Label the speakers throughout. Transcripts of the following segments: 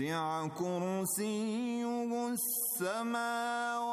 Speaker 1: وسع كرسيه السماوات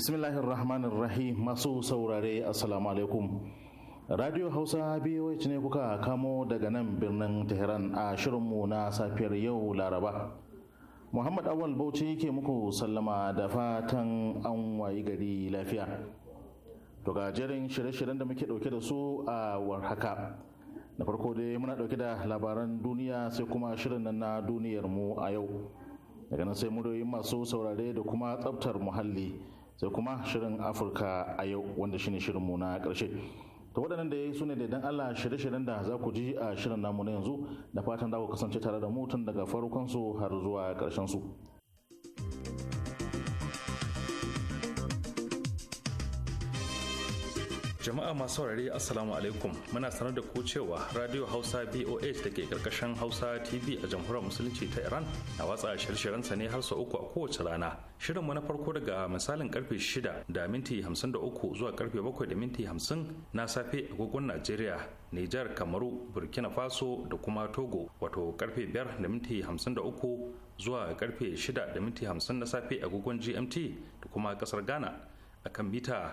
Speaker 2: bismillahir rahmanir rahim masu saurare assalamu alaikum radio hausa biyu ne kuka kamo daga nan birnin tehran a shirinmu na safiyar yau laraba muhammad awal bauchi ke muku sallama da fatan an wayi gari lafiya to ga jerin shirye-shiryen da muke dauke da su a warhaka na farko dai muna dauke da labaran duniya sai kuma shirin nan na duniyar mu a yau daga nan sai muryoyin masu saurare da kuma tsabtar muhalli sai kuma shirin afirka a yau wanda shine shirin mu na karshe to waɗannan da ya su ne da idan allah shirye-shiryen da za ku ji a shirin namu na yanzu da fatan za ku kasance tare da mutum daga farkon su har zuwa karshen su
Speaker 3: Jama'a masu saurare Assalamu alaikum muna sanar da ku cewa Radio Hausa BOH da ke karkashin Hausa TV a Jamhuriyar Musulunci ta Iran na watsa shirye sa ne har sau uku a kowace rana. Shirin mu na farko daga misalin karfe 6 da minti 53 zuwa karfe 7 da minti 50 na safe a agogon Najeriya, Nijar, Kamaru, Burkina Faso da kuma Togo wato karfe 5 da minti 53 zuwa karfe 6 da minti 50 na safe a agogon GMT da kuma kasar Ghana akan mita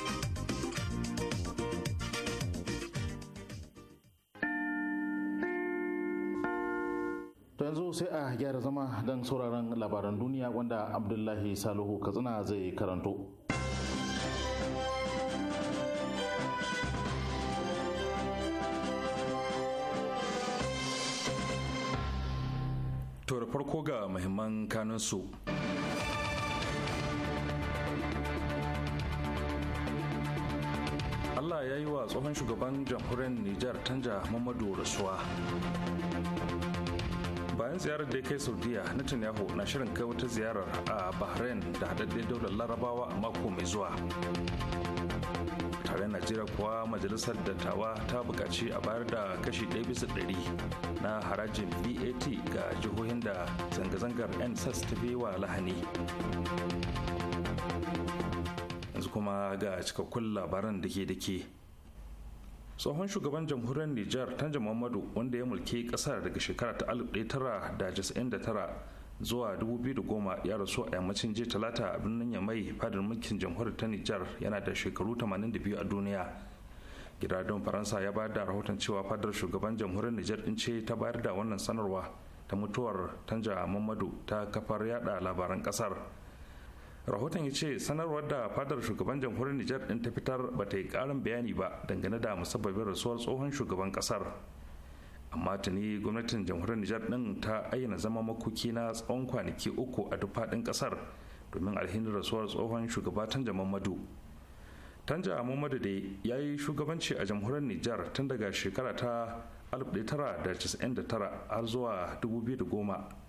Speaker 2: to yanzu sai a gyara zama don sauraron labaran duniya wanda abdullahi salihu katsina zai karanto
Speaker 3: to farko ga muhimman kanunsu Allah ya yi wa tsohon shugaban jamhuriyar Nijar Tanja muhammadu Rasuwa. bayan ziyarar da ya kai saudiya netanyahu na shirin kai wata ziyarar a bahrain da haɗaɗɗen daular larabawa a mako mai zuwa tare najeriya kuwa majalisar dattawa ta buƙaci a bayar da kashi ɗaya bisa ɗari na harajin vat ga jihohin da zanga-zangar nsas ta fi wa lahani yanzu kuma ga cikakkun labaran da ke da ke tsohon shugaban jamhuriyar nijar tanja muhammadu wanda ya mulki kasar daga shekara ta 1999 zuwa 2010 ya rasu a yammacin jiya talata a birnin yamai fadar mulkin jamhuriyar ta nijar yana da shekaru 82 a duniya gidajen faransa ya bayar da rahoton cewa fadar shugaban jamhuriyar nijar din ce ta bayar da wannan sanarwa ta mutuwar tanja muhammadu ta kafar yada labaran kasar rahoton ya ce sanarwar da fadar shugaban jamhuriyar nijar din ta fitar ba ta yi karin bayani ba dangane da musabbabin rasuwar tsohon shugaban kasar amma tuni gwamnatin jamhuriyar nijar din ta ayyana zama makoki na tsawon kwanaki uku a duk faɗin kasar domin alhinin rasuwar tsohon shugaba tanja mamadu tanja mamadu dai ya yi shugabanci a jamhuriyar nijar tun daga shekara ta 1999 har zuwa 2010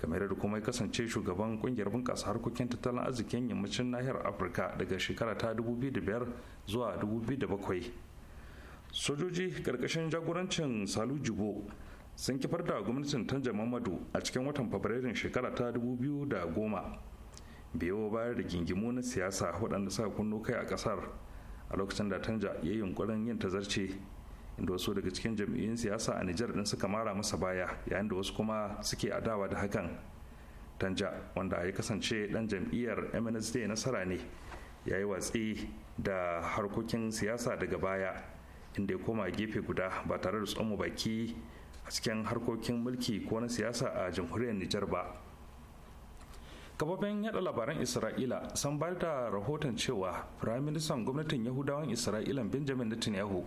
Speaker 3: kamar da kuma ya kasance shugaban kungiyar bunƙasa harkokin tattalin arzikin yammacin nahiyar afirka daga shekara ta 2005 zuwa 2007 sojoji ƙarƙashin jagorancin salu jibo sun kifar da gwamnatin tanja mamadu a cikin watan fabrairun shekara ta 2010 biyo bayar da gingimu na siyasa waɗanda sa kunno kai a ƙasar a lokacin da tanja ya yi yunkurin yin tazarce inda wasu daga cikin jam'iyyun siyasa a Nijar din suka mara masa baya yayin da wasu kuma suke adawa da hakan Tanja wanda ya kasance dan jam'iyyar MNSD nasara ne ya yi watsi da harkokin siyasa daga baya inda ya koma gefe guda ba tare da tsoma baki a cikin harkokin mulki ko na siyasa a jamhuriyar Nijar ba. kafafen yada labaran isra'ila sun bayar da rahoton cewa firaministan gwamnatin yahudawan isra'ila benjamin netanyahu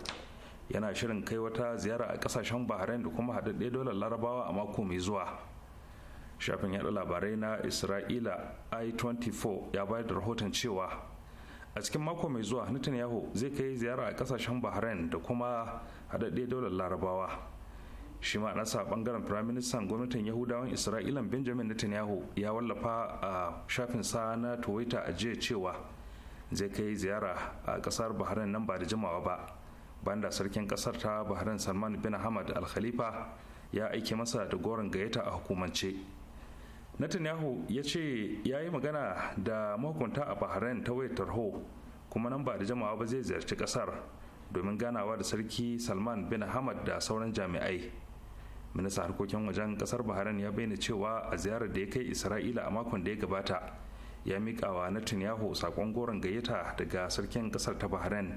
Speaker 3: yana shirin kai wata ziyara a kasashen bahrain da kuma haɗaɗɗe dolar larabawa a mako mai zuwa shafin yaɗa labarai na isra'ila i24 ya bayar da rahoton cewa a cikin mako mai zuwa netanyahu zai kai ziyara a kasashen bahrain da kuma haɗaɗɗe dolar larabawa shi ma nasa bangaren firaministan gwamnatin yahudawan isra'ila benjamin netanyahu ya wallafa a shafin sa na twitter a jiya cewa zai kai ziyara a kasar bahrain nan ba da jimawa ba banda sarkin kasar ta bahrain salman bin hamad al khalifa ya aike masa da goron gayyata a hukumance netanyahu ya ce ya yi magana da mahukunta a bahrain ta wayar tarho kuma nan ba da jama'a ba zai ziyarci kasar domin ganawa da sarki salman bin hamad da sauran jami'ai minista harkokin wajen kasar bahrain ya bayyana cewa a ziyarar da ya kai isra'ila a makon da ya gabata ya miƙa wa netanyahu saƙon goron gayyata daga sarkin kasar ta bahrain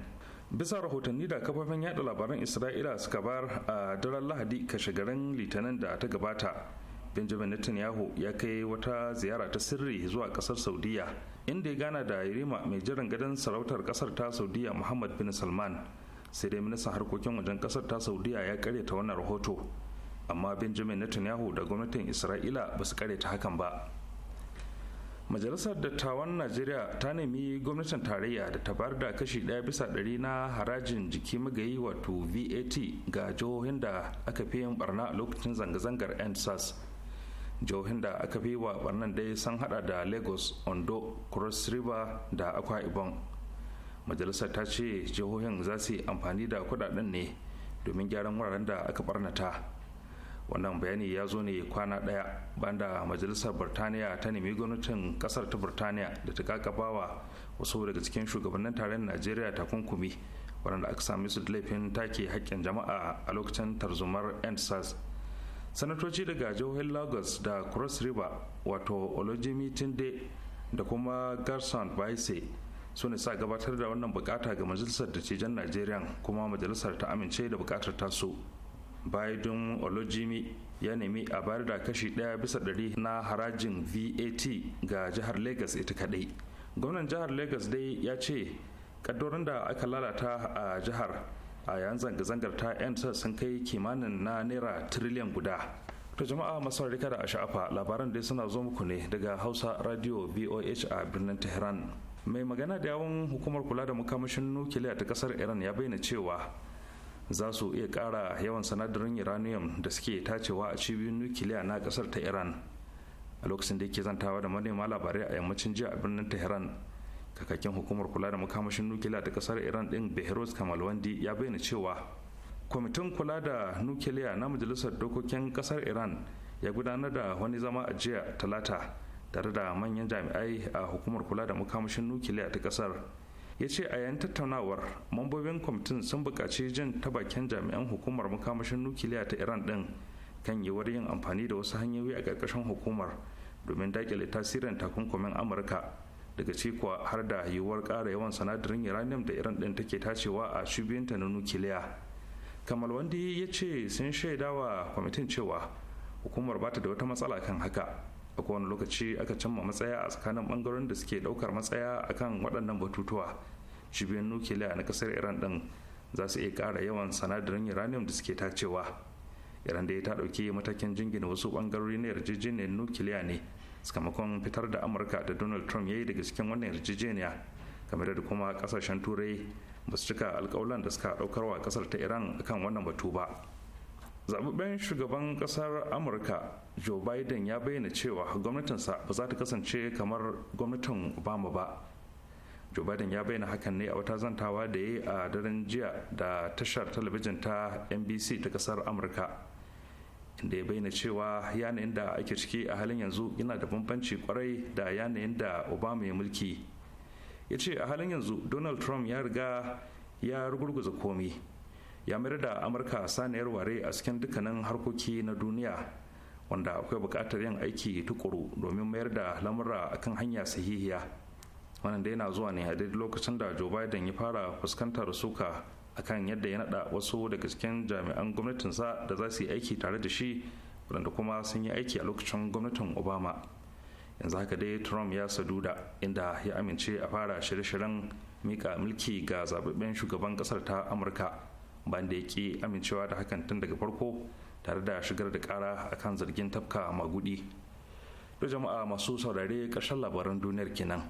Speaker 3: bisa rahotanni da kafafen yada labaran isra'ila suka bar a daren lahadi kashe garin litinin da ta gabata benjamin netanyahu ya kai wata ziyara ta sirri zuwa kasar saudiya inda ya gana da yarima mai jiran gadon sarautar kasar ta saudiya muhammad bin salman sai dai ministan harkokin wajen kasar ta saudiya ya karyata wannan rahoto amma benjamin netanyahu da gwamnatin isra'ila ba su karyata hakan ba majalisar dattawan najeriya ta nemi gwamnatin tarayya da ta bayar da kashi ɗaya bisa ɗari na harajin jiki magayi wato vat ga jihohin da aka fi yin barna a lokacin zanga-zangar endsars jihohin da aka fi wa barnan dai sun hada da lagos ondo cross river da akwa ibom majalisar ta ce jihohin za su yi amfani da kudaden ne domin gyaran wuraren da aka barnata wannan bayani ya zo ne kwana ɗaya banda majalisar birtaniya ta nemi gwamnatin kasar ta birtaniya da ta kakabawa wasu daga cikin shugabannin taron najeriya takunkumi waɗanda aka sami su da laifin take haƙƙin jama'a a lokacin tarzomar endsars sanatoci daga jihohin lagos da cross river wato olojimi tunde da kuma garson baise su ne sa gabatar da wannan bukata ga majalisar dattijan najeriya kuma majalisar ta amince da bukatar tasu Don olojimi ya nemi a bayar da kashi ɗaya bisa ɗari na harajin vat ga jihar lagos ita kaɗai gwamnan jihar lagos dai ya ce ƙaddorin da aka lalata a jihar a yayin zanga-zangar ta 'yansa sun kai kimanin na naira tiriliyan guda To jama'a masu rika da sha'afa labaran dai suna zo muku ne daga Hausa Radio BOH a birnin Tehran. Mai magana da yawon hukumar kula da makamashin nukiliya ta kasar Iran ya bayyana cewa za su iya ƙara yawan sanadarin uranium da suke tacewa a cibiyoyin nukiliya na ƙasar ta iran a lokacin da yake zantawa da manema labarai a yammacin jiya a birnin tehran kakakin hukumar kula da makamashin nukiliya ta kasar iran ɗin behrouz wandi ya bayyana cewa kwamitin kula da nukiliya na majalisar dokokin ƙasar iran ya gudanar da wani zama a jiya talata tare da manyan jami'ai a hukumar kula da makamashin nukiliya ta ƙasar ya ce a yayin tattaunawar mambobin kwamitin sun buƙaci jin ta bakin jami'an hukumar makamashin nukiliya ta iran ɗin kan yiwuwar yin amfani da wasu hanyoyi a ƙarƙashin hukumar domin daƙile tasirin takunkumin amurka daga cikuwa har da yiwuwar ƙara yawan sanadarin uranium da iran ɗin take tacewa a shubiyinta na nukiliya kamal wandi ya ce sun shaidawa kwamitin cewa hukumar bata da wata matsala kan haka a kowane lokaci aka cimma matsaya a tsakanin bangaren da suke daukar matsaya akan waɗannan batutuwa cibiyar nukiliya na kasar iran din za su iya ƙara yawan sanadarin uranium da suke tacewa iran dai ta ɗauki matakin jingina wasu bangarori na yarjejeniyar nukiliya ne sakamakon fitar da amurka da donald trump ya yi daga cikin wannan yarjejeniya game da kuma kasashen turai ba su cika alkawalan da suka wa kasar ta iran akan wannan batu ba zaɓaɓɓen shugaban ƙasar amurka joe biden ya bayyana cewa gwamnatinsa ba za ta kasance kamar gwamnatin obama ba joe biden ya bayyana hakan ne a wata zantawa da ya yi a daren jiya da tashar talabijin ta nbc ta ƙasar amurka inda ya bayyana cewa yanayin da ake ciki a halin yanzu yana da bambanci kwarai da yanayin da obama ya mulki ya ce a halin yanzu donald trump ya riga ya rugurguza komi ya mayar da amurka saniyar ware a cikin dukkanin harkoki na duniya wanda akwai bukatar yin aiki tukuru domin mayar da lamura akan hanya sahihiya wannan da yana zuwa ne a daidai lokacin da joe biden ya fara fuskantar suka akan yadda ya nada wasu daga cikin jami'an gwamnatinsa da za su yi aiki tare da shi waɗanda kuma sun yi aiki a lokacin gwamnatin obama yanzu haka dai trump ya saduda inda ya amince a fara shirye-shiryen mika mulki ga zababben shugaban ƙasar ta amurka banda ya ki amincewa da hakan tun daga farko tare da shigar da kara akan zargin tafka magudi da jama'a masu saurare ƙarshen labaran duniyar kenan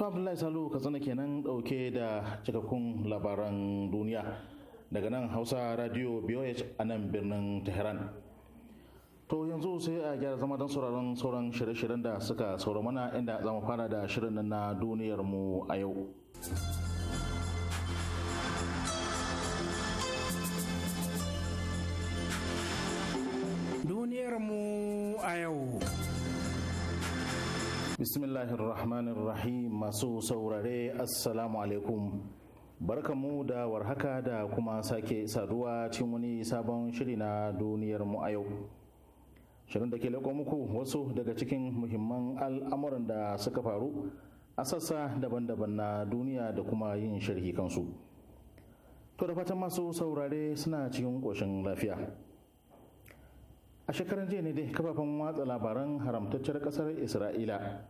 Speaker 2: abdullahi salu katsina kenan ɗauke da cikakkun labaran duniya daga nan hausa radio bioh a nan birnin tehran To yanzu sai a gyara zama don sauraron sauran shirye-shiryen da suka saura mana inda za mu fara da shirin na duniyar mu a yau. Duniyar mu a yau. Bismillahirrahmanirrahim masu saurare Assalamu alaikum. mu da warhaka da kuma sake saduwa cikin wani sabon shiri na duniyar mu a yau. shirin da ke leko muku wasu daga cikin muhimman al'amuran da suka faru a sassa daban-daban na duniya da kuma yin sharhi kansu to da fatan masu saurare suna cikin ƙoshin lafiya a shekaran jiya ne dai kafafen watsa labaran haramtacciyar ƙasar isra'ila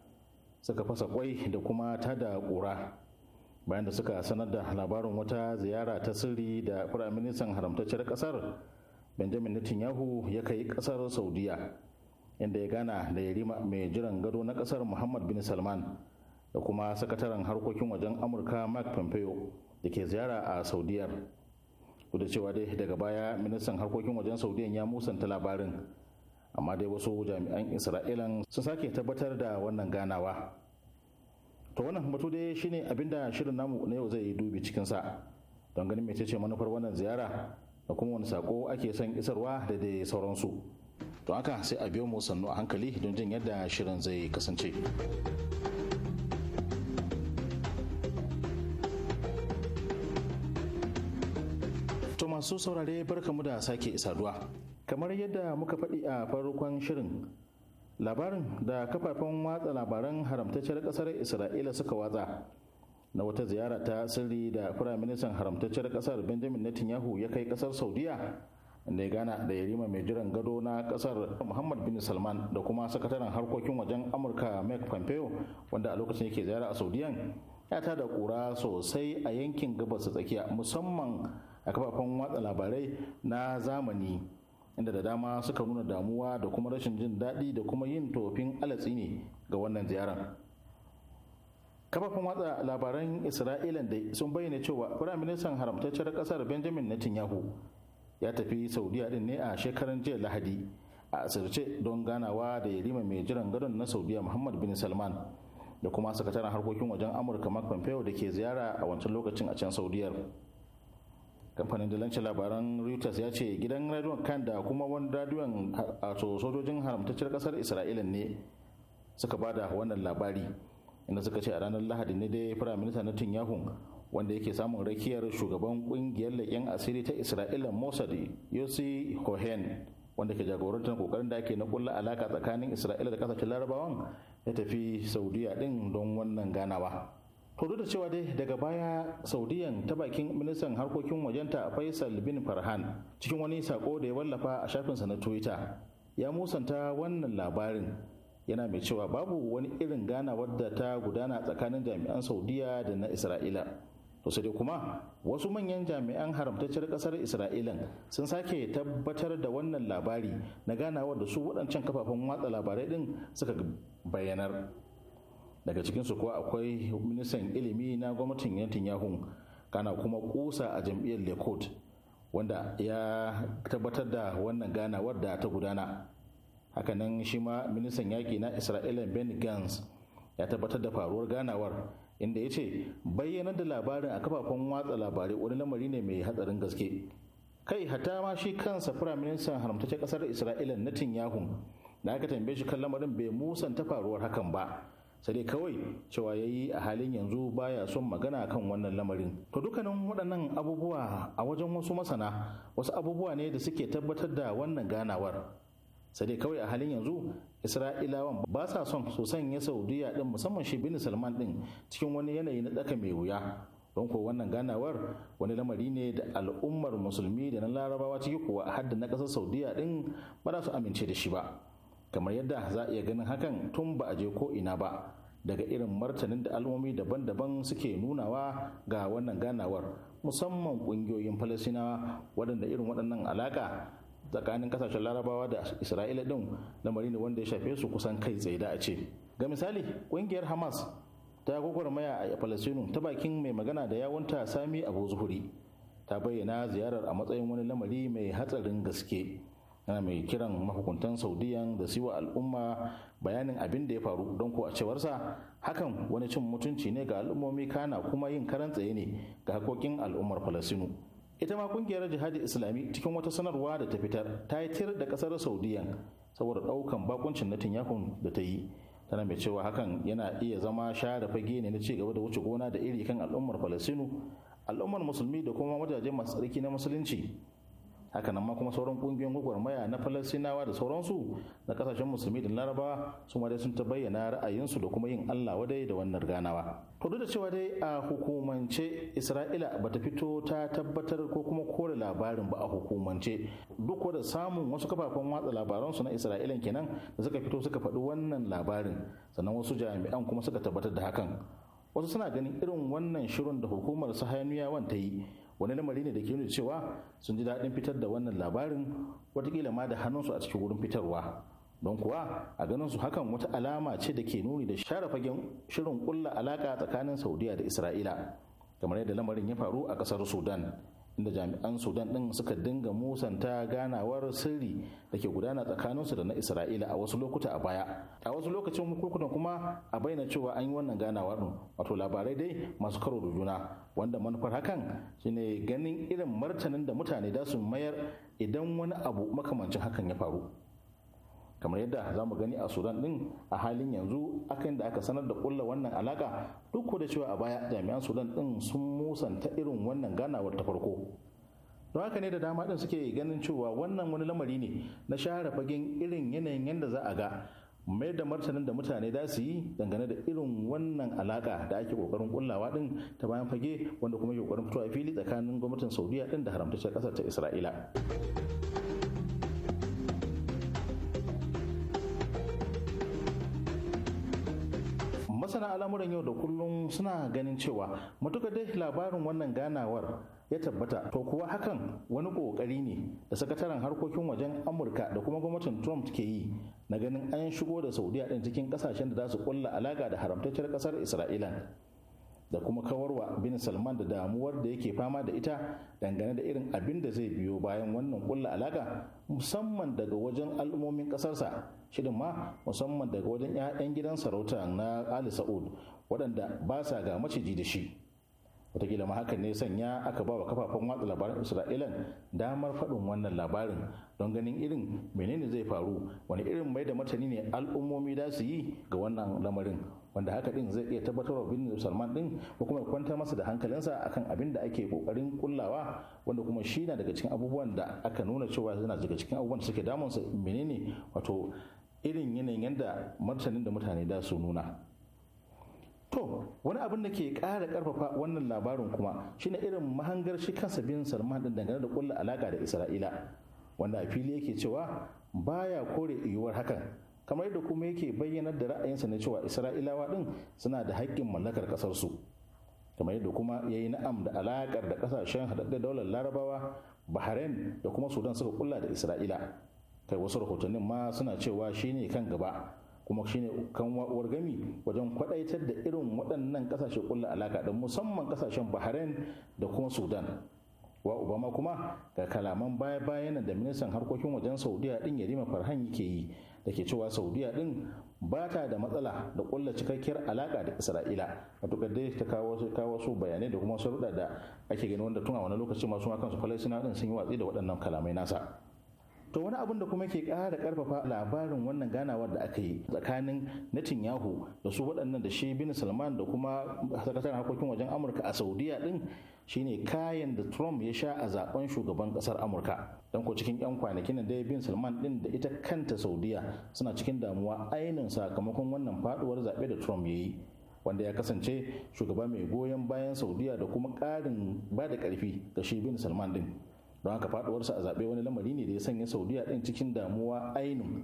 Speaker 2: suka fasa kwai da kuma tada ƙura bayan da suka sanar da labarin wata ziyara ta sirri da firaministan haramtacciyar ƙasar benjamin netanyahu ya kai kasar saudiya inda ya gana da yarima mai jiran gado na kasar muhammad bin salman da kuma sakataren harkokin wajen amurka mark pompeo da ke ziyara a saudiyar da cewa dai daga baya ministan harkokin wajen saudiya ya musanta labarin amma dai wasu jami'an isra'ilan sun sake tabbatar da wannan ganawa to wannan batu dai shine abinda shirin namu na yau zai yi dubi cikinsa don ganin ce manufar wannan ziyara da kuma wani sako ake son isarwa da dai sauransu to haka sai a biyo mu sannu a hankali don jin yadda shirin zai kasance to masu saurare barkamu da sake isaduwa kamar yadda muka faɗi a farkon shirin labarin da kafafen watsa labaran haramtacciyar ƙasar isra'ila suka watsa na wata ziyara ta sirri da firaministan haramtacciyar kasar benjamin netanyahu ya kai kasar saudiya da ya gana da yarima mai jiran gado na kasar muhammad bin salman da kuma sakataren harkokin wajen amurka mike pompeo wanda a lokacin yake ziyara a saudiyan ya ta da kura sosai a yankin gabas tsakiya musamman a kafafen watsa labarai na zamani inda da dama suka nuna damuwa da kuma rashin jin daɗi da kuma yin tofin alatsi ne ga wannan ziyarar Kafafin watsa labaran isra'ilan da sun bayyana cewa firaministan haramtaccen kasar benjamin netanyahu ya tafi saudiya din ne a shekaran jiya lahadi a asirce don ganawa da yarima mai jiran gadon na saudiya muhammad bin salman da kuma sakataren harkokin wajen amurka mark pompeo da ke ziyara a wancan lokacin a can saudiyar kamfanin dalancin labaran reuters ya ce gidan radiyon kan da kuma wani radiyon a sojojin haramtaccen kasar isra'ila ne suka bada wannan labari inda suka ce a ranar lahadi ne dai firaminista netanyahu wanda yake samun rakiyar shugaban kungiyar leƙen asiri ta isra'ila mossad yossi cohen wanda ke jagorantar kokarin da ake na kulla alaka tsakanin isra'ila da kasashen larabawan ya tafi saudiya din don wannan ganawa to duk da cewa dai daga baya saudiyan ta bakin ministan harkokin wajenta faisal bin farhan cikin wani sako da ya wallafa a shafinsa na twitter ya musanta wannan labarin yana mai cewa babu wani irin ganawar da ta gudana tsakanin jami'an saudiya da na isra'ila sosai dai kuma wasu manyan jami'an haramtacciyar kasar isra'ilan sun sake tabbatar da wannan labari na ganawar da su waɗancan kafafen watsa labarai din suka bayanar daga cikinsu kuwa akwai ministan ilimi na gwamnatin yankin yahun kana kuma kusa a jam'iyyar lekot wanda ya tabbatar da wannan ganawar da ta gudana hakanan shi ma ministan yaƙi na isra'ila ben gans ya tabbatar da faruwar ganawar inda ya ce bayyanar da labarin a kafafen watsa labarai wani lamari ne mai hatsarin gaske kai hata ma shi kansa firaministan haramtaccen kasar isra'ila netanyahu da aka tambaye shi kan lamarin bai musanta faruwar hakan ba sai dai kawai cewa ya yi a halin yanzu baya son magana kan wannan lamarin to dukkanin waɗannan abubuwa a wajen wasu masana wasu abubuwa ne da suke tabbatar da wannan ganawar sai dai kawai a halin yanzu isra'ilawan ba sa son su sanya saudiya din musamman shi bin salman din cikin wani yanayi na tsaka mai wuya don ko wannan ganawar wani lamari ne da al'ummar musulmi da na larabawa ciki kuwa hadda na ƙasar saudiya din ba za su amince da shi ba kamar yadda za a iya ganin hakan tun ba a je ko ina ba daga irin martanin da al'ummomi daban-daban suke nunawa ga wannan ganawar musamman ƙungiyoyin falasinawa waɗanda irin waɗannan alaƙa tsakanin kasashen larabawa da isra'ila din lamari ne wanda ya shafe su kusan kai tsaye da a ce ga misali kungiyar hamas ta gwagwarmaya a falasinu ta bakin mai magana da yawunta sami abu zuhuri ta bayyana ziyarar a matsayin wani lamari mai hatsarin gaske yana mai kiran mahukuntan saudiyan da siwa al'umma bayanin abin da ya faru don ko a cewarsa hakan wani cin mutunci ne ga al'ummomi kana kuma yin karan tsaye ne ga hakokin al'ummar falasinu ita ma kungiyar jihadi islami cikin wata sanarwa da ta fitar ta yi tir da kasar saudiyan saboda daukan bakuncin na tinyakun da ta yi tana mai cewa hakan yana iya zama share fage ne na ci gaba da wuce gona da iri kan al'ummar falasinu al'ummar musulmi da kuma wajajen masu tsarki na musulunci haka nan ma kuma sauran kungiyoyin gwagwarmaya na falasinawa da sauransu na kasashen musulmi da larabawa su ma dai sun ta bayyana ra'ayinsu da kuma yin allah wadai da wannan ganawa to duk da cewa dai a hukumance isra'ila bata fito ta tabbatar ko kuma kore labarin ba a hukumance duk da samun wasu kafafen watsa labaransu na isra'ilan kenan da suka fito suka faɗi wannan labarin sannan wasu jami'an kuma suka tabbatar da hakan wasu suna ganin irin wannan shirin da hukumar sahayuniyawan ta yi wani lamari ne da ke nuna cewa sun ji daɗin fitar da wannan labarin watakila ma da hannunsu a cikin wurin fitarwa don kuwa a ganin su hakan wata alama ce da ke nuni da share fagen shirin kulla alaka tsakanin saudiya da isra'ila kamar yadda lamarin ya faru a kasar sudan inda jami'an sudan ɗin suka dinga musanta ganawar sirri da ke gudana su da na isra'ila a wasu lokuta a baya a wasu lokacin hukunan kuma a bayyana cewa an yi wannan ganawar wato labarai dai masu karo da juna wanda manufar hakan shine ganin irin martanin da mutane da su mayar idan wani abu makamancin hakan ya faru kamar yadda za mu gani a sudan din a halin yanzu akan da aka sanar da kulla wannan alaka duk da cewa a baya jami'an sudan din sun musanta irin wannan ganawar ta farko don haka ne da dama din suke ganin cewa wannan wani lamari ne na share fagen irin yanayin yadda za a ga mai da martanin da mutane za su yi dangane da irin wannan alaka da ake kokarin kullawa din ta bayan fage wanda kuma ke kokarin fitowa fili tsakanin gwamnatin saudiya din da haramtacciyar kasar ta isra'ila masana al'amuran yau da kullum suna ganin cewa matuƙa dai labarin wannan ganawar ya tabbata to kuwa hakan wani kokari ne da sakataren harkokin wajen amurka da kuma gwamnatin trump ke yi na ganin an shigo da saudiya din cikin kasashen da za su kulla alaka da haramtacciyar kasar isra'ila da kuma kawarwa bin salman da damuwar da yake fama da ita dangane da irin abin da zai biyo bayan wannan kulla alaka musamman daga wajen al'ummomin kasarsa shirin ma musamman daga wajen 'ya'yan gidan sarauta na ali sa'ud waɗanda ba sa ga maciji da shi wataƙila ma hakan ne sanya aka ba wa kafafen watsa labaran isra'ila damar faɗin wannan labarin don ganin irin menene zai faru wani irin mai da martani ne al'ummomi da su yi ga wannan lamarin wanda haka din zai iya tabbatar wa binne salman din ko kuma kwantar masa da hankalinsa akan abin da ake kokarin kullawa wanda kuma shi na daga cikin abubuwan da aka nuna cewa yana daga cikin abubuwan da suke damunsa menene wato irin yanayin yadda martanin da mutane da su nuna To wani abin da ke ƙara ƙarfafa wannan labarin kuma shine irin mahangar shi kansa bin Salman din dangane da ƙulla alaƙa da Isra'ila wanda a fili yake cewa baya kore yiwuwar hakan kamar yadda kuma yake bayyanar da ra'ayinsa na cewa Isra'ilawa din suna da haƙƙin mallakar ƙasar su kamar yadda kuma ya yi na'am da alaƙar da ƙasashen haɗaɗɗen daular larabawa Bahrain da kuma Sudan suka ƙulla da Isra'ila kai wasu rahotannin ma suna cewa shi ne kan gaba kuma shine kan gami wajen kwadaitar da irin waɗannan kasashe ƙulla alaka da musamman kasashen bahrain da kuma sudan wa obama kuma ga kalaman baya bayan da ministan harkokin wajen saudiya din yarima farhan yake yi da ke cewa saudiya din ba ta da matsala da kulla cikakkiyar alaka da isra'ila matuƙar dai ta kawo su bayanai da kuma sharuɗa da ake gani wanda tun a wani lokaci masu su falasina din sun yi watsi da waɗannan kalamai nasa to wani abin da kuma ke ƙara ƙarfafa labarin wannan ganawar da aka yi tsakanin Netanyahu da su waɗannan da shi bin Salman da kuma sakataren harkokin wajen Amurka a Saudiya ɗin shine kayan da Trump ya sha a zaben shugaban ƙasar Amurka don ko cikin 'yan kwanakin da dai bin Salman ɗin da ita kanta Saudiya suna cikin damuwa ainin sakamakon wannan faɗuwar zaɓe da Trump ya yi wanda ya kasance shugaba mai goyon bayan Saudiya da kuma ƙarin ba da ƙarfi ga shi bin Salman ɗin don haka faduwarsa a zaɓe wani lamari ne da ya sanya saudiya ɗin cikin damuwa ainun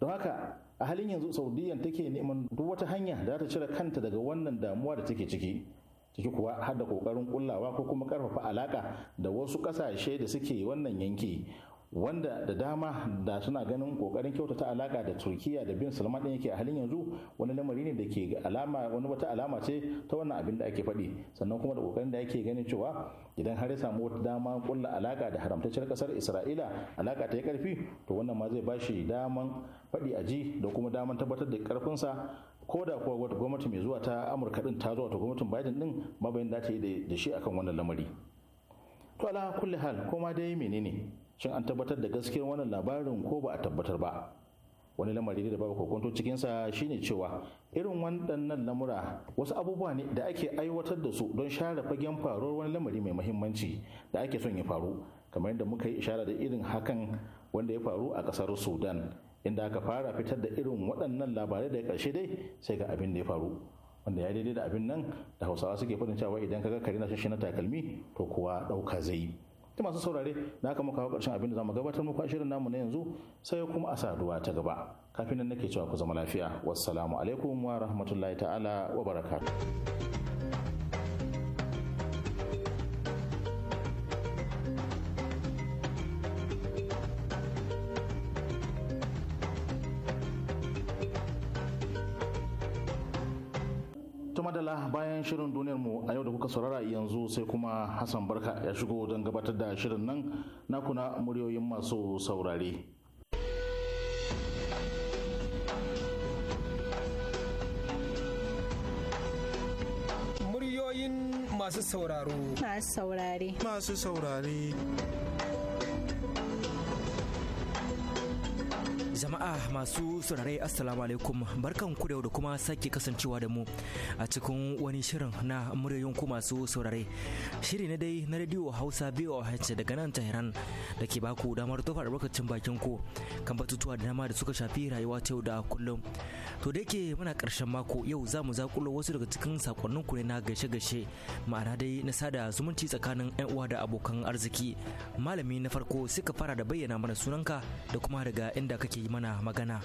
Speaker 2: don haka a halin yanzu saudiya take neman duk wata hanya da ta cire kanta daga wannan damuwa da take ciki ciki kuwa har da kokarin kullawa ko kuma karfafa alaƙa da wasu kasashe da suke wannan yanki wanda da dama da suna ganin kokarin kyautata alaka da turkiya da bin salman din yake a halin yanzu wani lamari ne da ke alama wani wata alama ce ta wannan abin da ake faɗi sannan kuma da kokarin da ake ganin cewa idan har ya samu wata dama kulla alaka da haramtacciyar kasar isra'ila alaka ta yi karfi to wannan ma zai ba shi daman faɗi a ji da kuma daman tabbatar da karfinsa ko da kuwa wata gwamnati mai zuwa ta amurka din ta zuwa ta gwamnatin biden din babu bayan da ta yi da shi akan wannan lamari to ala kulli hal koma dai menene shin an tabbatar da gaskiyar wannan labarin ko ba a tabbatar ba wani lamari da babu kokonto cikinsa shine cewa irin waɗannan lamura wasu abubuwa ne da ake aiwatar da su don share fagen faruwar wani lamari mai mahimmanci da ake son ya faru kamar yadda muka yi ishara da irin hakan wanda ya faru a kasar sudan inda aka fara fitar da irin waɗannan labarai daga ƙarshe dai sai ga abin da ya faru wanda ya daidai da abin nan da hausawa suke faɗin cewa idan kaga kare na shi na takalmi to kuwa ɗauka zai yi ta masu saurare na kama kawo karshen abin da zamu gabatar muku a shirin namu na yanzu sai kuma a saduwa ta gaba kafin nan nake cewa ku zama lafiya wassalamu alaikum wa rahmatullahi ta'ala wa barakatuh madala bayan shirin duniyar mu a yau da kuka saurara yanzu sai kuma Hassan Barka ya shigo don gabatar da shirin nan na kuna muryoyin masu saurare.
Speaker 4: Muryoyin masu sauraro.
Speaker 5: Masu saurare.
Speaker 4: Masu saurare.
Speaker 6: Jama'a masu saurare Assalamu alaikum barkan ku da kuma sake kasancewa da mu a cikin wani shirin na muryoyin ku masu saurare. Shiri na dai na radio Hausa BOH daga nan Tehran da ke baku damar tofa lokacin bakin ku kan batutuwa da dama da suka shafi rayuwa ta yau da kullum. to da yake muna karshen mako yau za mu zakulo wasu daga cikin sakonnin ku na gashe-gashe ma'ana dai na sada zumunci tsakanin 'yan uwa da abokan arziki malami na farko suka fara da bayyana mana sunanka da kuma daga inda kake mana magana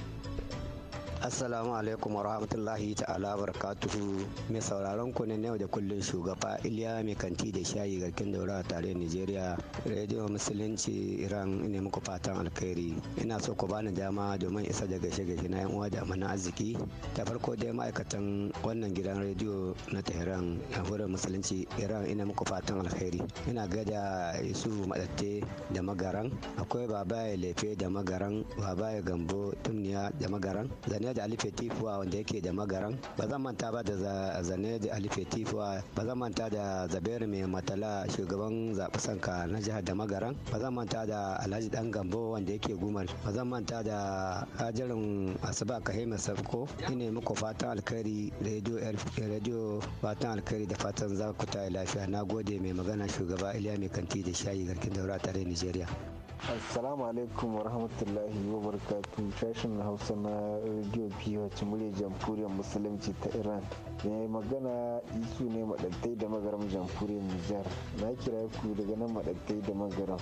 Speaker 7: Assalamu alaikum warahmatullahi ta'ala barakatuhu mai sauraron ku ne yau da kullun shugaba Iliya mai kanti da shayi garkin daura a tarayyar Nijeriya Radio Musulunci Iran ne muku fatan alkhairi ina so ku bani dama domin isa daga shige gaishe na yan uwa da amana arziki da farko dai ma'aikatan wannan gidan rediyo na Tehran Jamhuriyar Musulunci Iran ina muku fatan alkhairi ina gada Yusufu Madatte da Magaran akwai Babaye Lefe da Magaran Babaye Gambo Tumniya da Magaran Zane zane da alife tifuwa wanda yake da magaran ba zan manta ba da zane da alife tifuwa ba zan manta da zaberi mai matala shugaban zaɓi sanka na jihar da magaran ba zan manta da alhaji dan gambo wanda yake gumar ba zan manta da ajirin asuba kahima safko ina muku fatan alkhairi radio fatan alkhairi da fatan za ku ta lafiya na gode mai magana shugaba iliya mai kanti da shayi garkin daura tare nigeria
Speaker 8: assalamu alaikum rahmatullahi warahmatullahi wabarakatuh sashen hausa na radio ph murya jamhuriyar musulunci ta iran mai magana isu ne madattai da magaram jamhuriyar nijar na kira ku daga nan madattai da magaram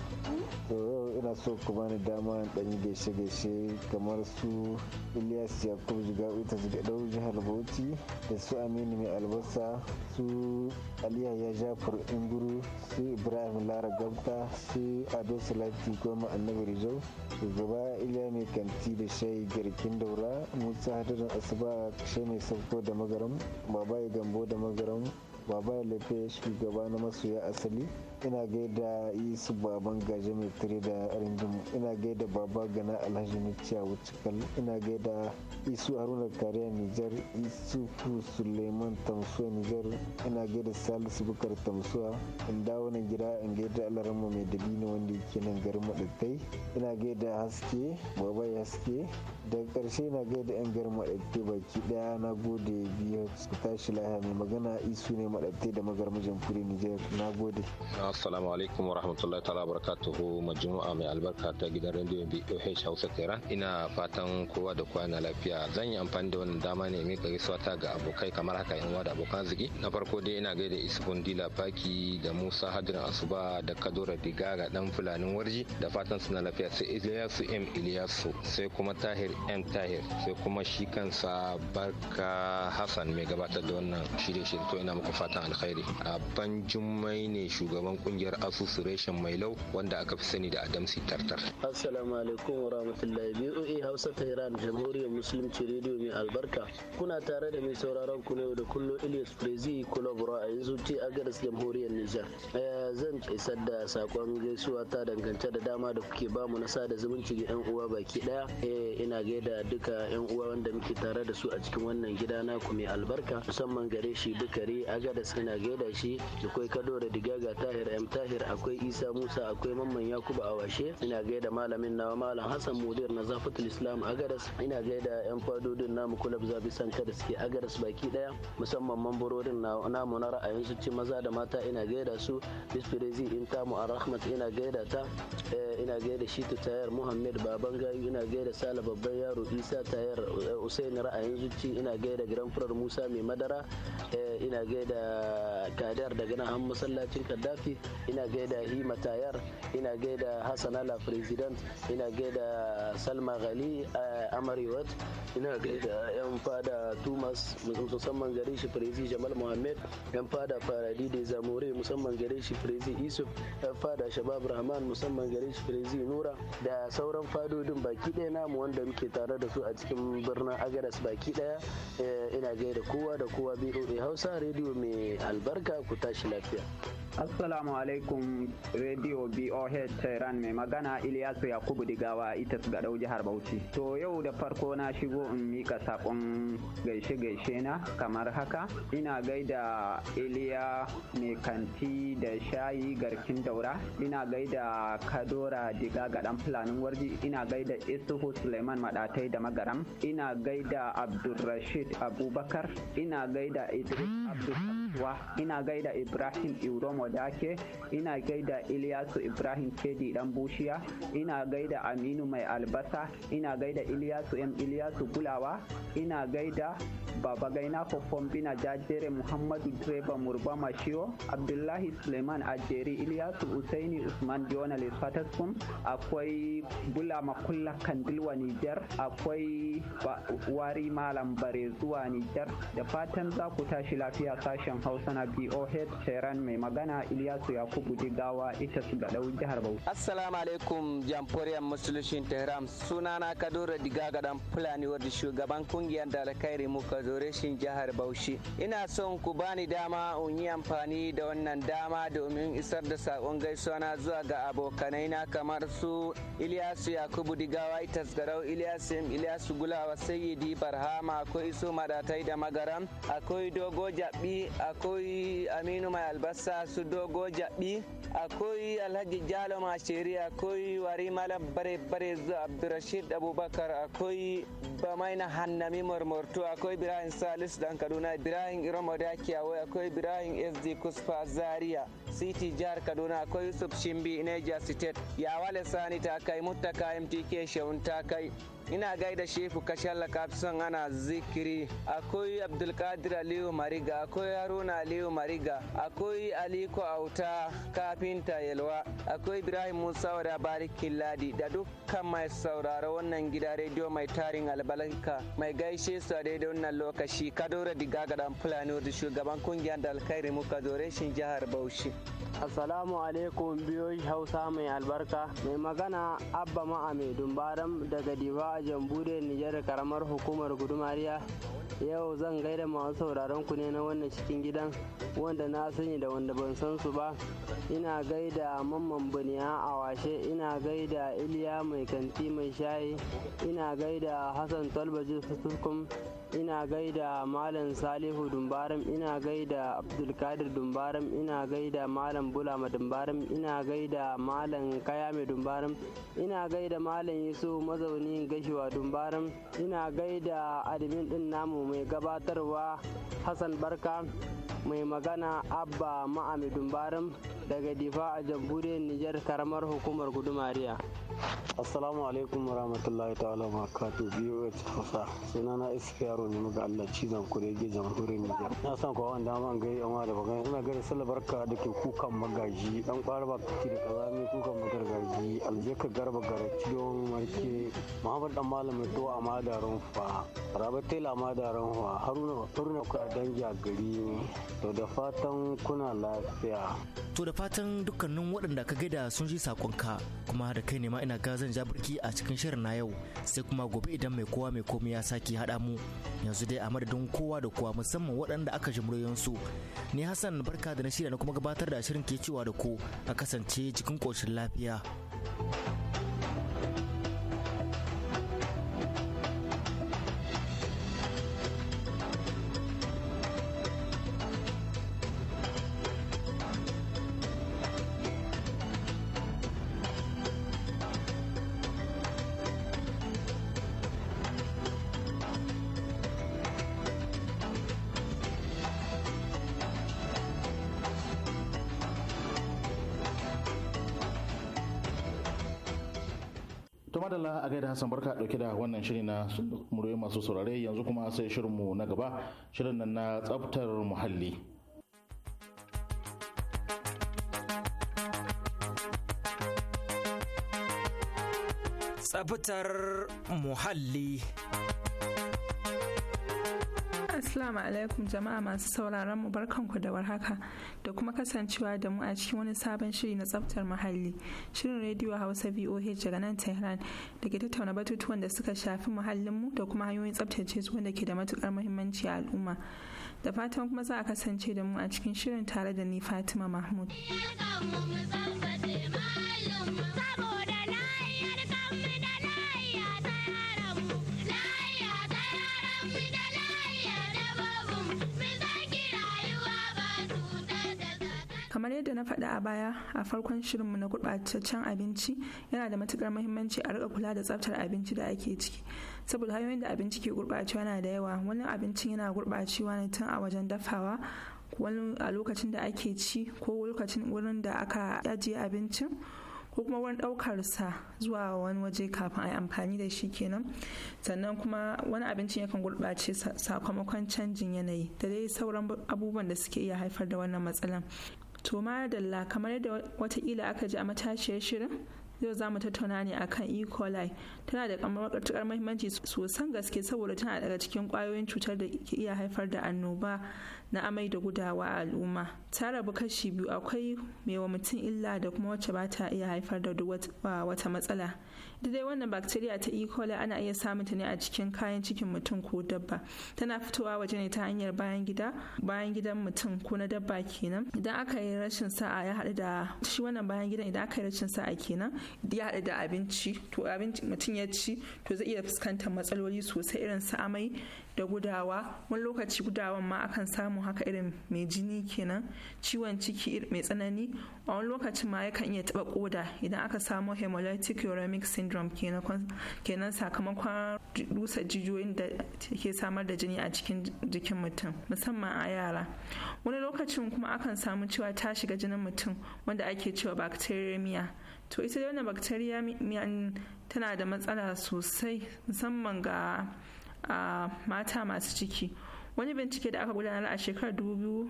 Speaker 8: to ina so ku bani dama ɗanyi gaishe gaishe kamar su Ilyas yakub ita ta ɗau jihar Bauchi da su Aminu mai albasa su Aliya ya Jafar Inguru su Ibrahim Lara Gabta su Ado Salati Goma Annabi Rijau shugaba Iliya mai kanti da shayi garkin daura Musa Hadarin Asuba kashe mai sauko da magaram Babaye Gambo da magaram Babaye Lefe shugaba na masoya asali ina gaida isu baban gaje mai tire da rindin ina gaida baba gana alhaji nuciya wucikal ina gaida isu haruna kariya nijar isu suleiman tamsuwa nijar ina gaida salisu bukar tamsuwa in dawo nan gida in gaida alarama mai dabino wanda yake nan garin maɗattai ina gaida haske baba haske daga ƙarshe ina gaida yan garin maɗattai baki ɗaya na gode biyu su tashi lahiya mai magana isu ne maɗattai da mijin fure nijar na gode.
Speaker 2: assalamu alaikum wa rahmatullahi ta'ala barakatuhu majmu'a mai albarka ta gidan rediyon BOH Hausa Tehran ina fatan kowa da kowa na lafiya zan yi amfani da wannan dama ne mika gaisuwa ta ga abokai kamar haka yan uwa da abokan arziki na farko dai ina gaida Isfun Dila Faki da Musa Hadirin Asuba da Kadura Digaga dan
Speaker 3: fulanin warji da fatan suna lafiya sai Iliyasu M iliyasu sai kuma Tahir M Tahir sai kuma shi kansa Barka Hassan mai gabatar da wannan shirye-shirye to ina muku fatan alkhairi a ban jummai ne shugaban kungiyar asusu reshen mai lau wanda aka fi sani da adamsi tartar
Speaker 9: assalamu alaikum wa rahmatullahi boa hausa ta iran jamhuriyar musulunci rediyo mai albarka kuna tare da mai sauraron ku yau da kullo ilyas prezi kulabura a yanzu ti agaris jamhuriyar nijar eh, zan isar da sakon gaisuwa ta dangance da dama da kuke bamu na sada zumunci ga yan uwa baki ɗaya. Eh, ina gaida duka yan uwa wanda muke tare da su a cikin wannan gida naku mai albarka musamman gare shi bukari agadas ina gaida shi da kwai kado da digaga tahir M Tahir akwai Isa Musa akwai Mamman Yakubu Awashe ina gaida malamin nawa Malam Hassan Mudir na Zafatul Islam Agadas ina gaida yan fadodin namu kulab zabi sanka da suke agaras baki daya musamman mamburorin namu na ra'ayin su ci maza da mata ina gaida su Bisfirezi Intamu Arrahmat ina gaida ta eh, ina gaida shi ta tayar Muhammad Baban Gayu ina gaida Sala babban yaro Isa tayar eh, Usain ra'ayin zuci ina gaida Grand Furar Musa mai madara eh, ina gaida Kadar daga nan masallacin Kaddafi ina gaida hima tayar ina gaida hassan ala president ina gaida salma ghali eh, amariwat ina gaida yan fada tumas musamman gare shi prezi jamal muhammed yan fada faradi da zamore musamman gare shi prezi isuf yan fada shabab rahman musamman gare shi prezi nura da sauran fadodin baki ɗaya namu wanda muke tare da su a cikin birnin agadas baki ɗaya eh, ina gaida kowa da kowa biyu hausa rediyo mai
Speaker 10: albarka ku tashi lafiya. Assalamu alaikum Radio BOH Tehran mai magana Ilyasu Yakubu Digawa ita gadau jihar Bauchi. To yau da farko na shigo in mika sakon gaishe-gaishe na kamar haka ina gaida Iliya mai kanti da shayi garkin daura ina gaida Kadora Diga dan fulanin warji ina gaida Isuhu Suleiman Madatai da Magaram ina gaida Abdulrashid Abubakar ina gaida Idris Abdul ina gaida Ibrahim Iromo ke ina gaida iliyasu ibrahim kedi dan bushiya ina gaida aminu mai albasa ina gaida iliyasu m iliyasu kulawa ina gaida Baba Gaina ko fombina jajere muhammadu direba murba mashiwo abdullahi suleiman ajeri iliyasu usaini usman jonal fataskum akwai bula makulla kandilwa nijar akwai wari malam bare zuwa nijar da fatan za ku tashi lafiya sashen hausa na boh sharon mai magana iliyasu yakubu digawa ita su gadau jihar bauchi
Speaker 11: assalamu alaikum jamhuriyar musulushin tehran sunana kadura diga gadan fulani wadda shugaban kungiyar dalakai remote Doreshin jihar Bauchi. Ina son ku bani dama in yi amfani da wannan dama domin isar da sakon gaisuwa zuwa ga abokanai na kamar su Ilyasu Yakubu Digawa Itas Garau Ilyasu M Ilyasu Gulawa Sayyidi Barhama akwai su Madatai da Magaram akwai Dogo Jabi akwai Aminu Mai Albasa su Dogo Jabi akwai alhaji jalo mashiri akwai wari malam bare bare abdurashid abubakar akwai bamaina hannami marmarto akwai ibrahim salis dan kaduna ibrahim iramo awai akwai ibrahim sd kusfa zaria city jihar kaduna akwai yusuf shimbi neja state yawale sani ta kai mutaka mtk shaun ta kai ina gaida shefu kashalla kafison ana zikiri akwai abdulkadir aliyu mariga akwai haruna aliyu mariga akwai aliko auta kafinta yalwa akwai ibrahim musa wada barikin ladi da dukkan mai sauraro wannan gida rediyo mai tarin albarka mai gaishe su a daidai wannan lokaci kadora diga gadan fulani wadda shugaban kungiyar da alkhairi muka zore rashin jihar bauchi assalamu alaikum biyoyi hausa mai albarka
Speaker 9: mai magana abba ma'a mai dumbaram daga diva. a jamhuriyar Nijar da karamar hukumar gudumariya yau zan gaida masu sauraron ku ne na wannan cikin gidan wanda na sani da wanda ban san su ba ina gaida mamman baniya a washe ina gaida iliya mai kanti mai shayi ina gaida hassan talbaji su. ina gaida malam salihu dumbaram ina gaida abdulkadir dumbaram ina gaida malam bulama dumbaram ina gaida malam kayame dumbaram ina gaida malam yusuf mazaunin gashiwa dumbaram ina gaida admin din namu mai gabatarwa hassan barka mai magana abba ma'ami dumbaram daga difa a jamhuriyar Nijar karamar hukumar gudumariya. Assalamu alaikum wa rahmatullahi ta'ala wa barakatu biyu hausa suna na iska yaro ne muga Allah cizon kurege jamhuriyar Nijar. Na san kowa wanda an gari yan da bagan ina gari sallar barka da ke kukan magaji dan kwarba kake da kaza ne kukan magargaji aljeka garba garaci don marke Muhammad dan malam to a madarin fa Rabat Tela madarin fa Haruna Haruna ku a dangi a gari to da fatan kuna lafiya.
Speaker 6: To da fatan dukkanin waɗanda ka gaida sun ji sakonka kuma da kai ne ma ina ga zan ja a cikin shirin na yau sai kuma gobe idan mai kowa mai komai ya sake haɗa mu yanzu dai a madadin kowa da kowa musamman waɗanda aka ji su ni Hassan barka da na shirya na kuma gabatar da shirin ke cewa da ku a kasance cikin ƙoshin lafiya.
Speaker 2: To madalla a gaida Hassan barka dauke da wannan shiri na muryoyi masu saurare yanzu kuma sai shirinmu na gaba shirin nan na tsaftar muhalli.
Speaker 6: Tsaftar muhalli.
Speaker 5: Assalamu alaikum jama'a masu sauraron mu barkanku da warhaka da kuma kasancewa da mu a cikin wani sabon shiri na tsaftar muhalli shirin rediyo Hausa VOH daga nan Tehran da ke tattauna batutuwan da suka shafi muhallin mu da kuma hanyoyin tsaftace su wanda ke da matukar muhimmanci a al'umma da fatan kuma za a kasance da mu a cikin shirin tare da ni Fatima Mahmud. kamar yadda na faɗa a baya a farkon shirinmu na gurɓataccen abinci yana da matukar muhimmanci a rika kula da tsaftar abinci da ake ciki saboda hanyoyin da abinci ke gurɓacewa na da yawa wani abincin yana gurɓacewa ne tun a wajen dafawa wani a lokacin da ake ci ko lokacin wurin da aka ajiye abincin ko kuma wurin ɗaukarsa zuwa wani waje kafin a yi amfani da shi kenan sannan kuma wani abincin yakan gurɓace sakamakon canjin yanayi da dai sauran abubuwan da suke iya haifar da wannan matsalan to dalla kamar yadda watakila aka ji a matashiyar shirin yau za mu tattauna ne akan e. coli tana da matuƙar mahimmanci sosan gaske saboda tana daga cikin ƙwayoyin cutar da ke iya haifar da annoba na amai da gudawa a al'umma ta rabu kashi biyu akwai mai wa mutum illa da kuma wacce ba ta iya haifar da wata matsala dai wannan bacteria ta e. coli ana iya samun ta ne a cikin kayan cikin mutum ko dabba tana fitowa waje ne ta hanyar bayan gida bayan gidan mutum ko na dabba kenan idan aka yi rashin sa'a ya haɗu da shi wannan bayan gidan idan aka yi rashin sa'a kenan ya haɗu da abinci to abinci mutum ya ci to zai iya fuskantar matsaloli sosai irin su amai da gudawa wani lokaci gudawan ma akan samu haka irin mai jini kenan ciwon ciki mai tsanani a wani lokaci ma yakan iya taba koda idan aka samu hemolytic uremic syndrome kenan sakamakon rusa jijiyoyin da ke samar da jini a cikin jikin mutum musamman a yara wani lokacin kuma akan samu cewa ta shiga jinin mutum wanda ake cewa bacteremia to ita wannan bacteria tana da matsala sosai musamman ga a mata masu ciki wani bincike da aka gudanar a shekarar hudu,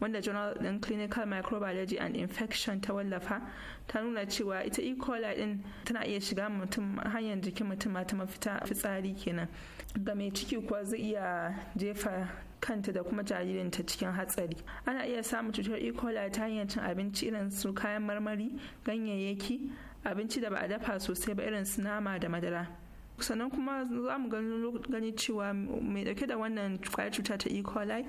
Speaker 5: wanda journal din clinical microbiology and infection ta wallafa ta nuna cewa ita e. coli din tana iya shiga mutum hanyar jikin mutum mata mafita fitsari kenan ga mai ciki kuwa zai iya jefa kanta da kuma jaririnta cikin hatsari ana iya samun cutar e. coli ta hanyar cin abinci irin su kayan marmari ganyayyaki abinci da ba a dafa sosai ba irin su nama da madara sannan kuma za mu gani cewa mai dauke da wannan kwayar cuta ta e. coli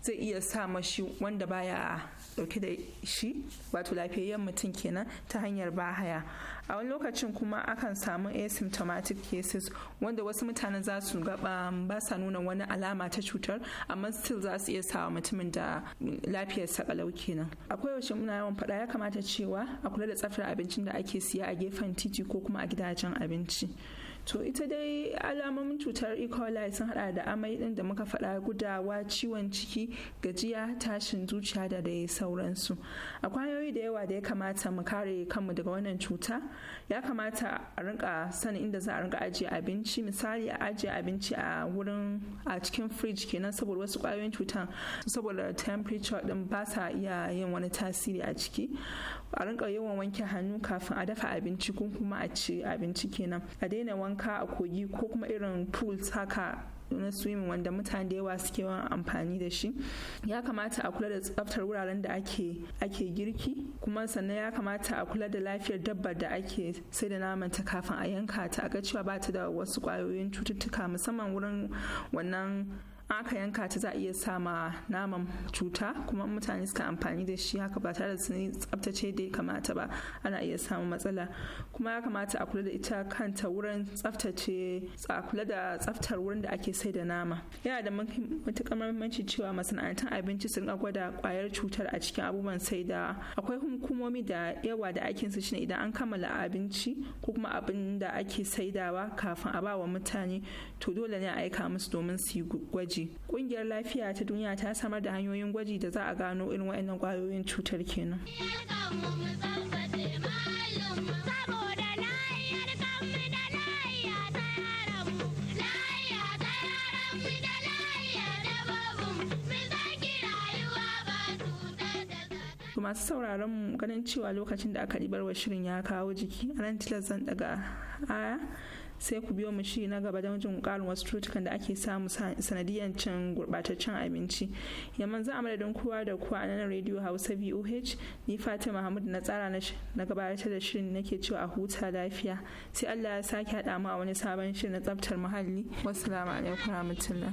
Speaker 5: zai iya sa mashi wanda baya dauke da shi wato lafiyayyen mutum kenan ta hanyar bahaya a wani lokacin kuma akan samu asymptomatic cases wanda wasu mutane za su gaba um, ba sa nuna wani alama ta cutar amma still za su iya sawa mutumin da lafiyar sakalau kenan akwai yaushe muna yawan faɗa ya kamata cewa a kula da tsaftar abincin da ake siya a gefen titi ko kuma a gidajen abinci to ita dai alamomin cutar e. sun hada da amai din da muka faɗa gudawa ciwon ciki gajiya tashin zuciya da dai sauransu a kwayoyi da yawa da ya kamata mu kare kanmu daga wannan cuta ya kamata a rinka sanin inda za a rinka ajiye abinci misali a ajiye abinci a wurin a cikin fridge kenan saboda wasu kwayoyin cutan saboda temperature din ba sa iya yin wani tasiri a ciki a rinka yawan wanke hannu kafin a dafa abinci ko kuma a ci abinci kenan a daina wanka a kogi ko kuma irin pools haka na swimming wanda mutane da yawa suke yawan amfani da shi ya kamata a kula da tsaftar wuraren da ake ake girki kuma sannan ya kamata a kula da lafiyar dabbar da ake sai da naman ta kafin a yanka ta a ga cewa ba ta da wasu kwayoyin cututtuka musamman wurin wannan aka yanka ta za a iya sama naman cuta kuma mutane suka amfani da shi haka ba tare da sun tsaftace da ya kamata ba ana iya samun matsala kuma ya kamata a kula da ita kanta wurin tsabtace a kula da tsaftar wurin da ake sai da nama yana da matuƙar muhimmanci cewa masana'antar abinci sun gwada kwayar cutar a cikin abubuwan sai da akwai hukumomi da yawa da aikin su shine idan an kammala abinci ko kuma abin da ake saidawa kafin a ba wa mutane to dole ne a aika musu domin su yi gwaji gwaji kungiyar lafiya ta duniya ta samar da hanyoyin gwaji da za a gano irin waɗannan ƙwayoyin cutar kenan masu sauraron ganin cewa lokacin da aka ribar wa shirin ya kawo jiki a nan tilas zan daga aya sai ku biyo mu shi na gaba don jin karin wasu cutukan da ake samu sanadiyyar cin gurbataccen abinci yamma. za a madadin kowa da kowa a nan radio hausa voh ni fatima mahmud na tsara na gabatar da shirin nake cewa a huta lafiya sai allah ya sake haɗa mu a wani sabon shirin na tsaftar muhalli wasu alaikum rahmatullah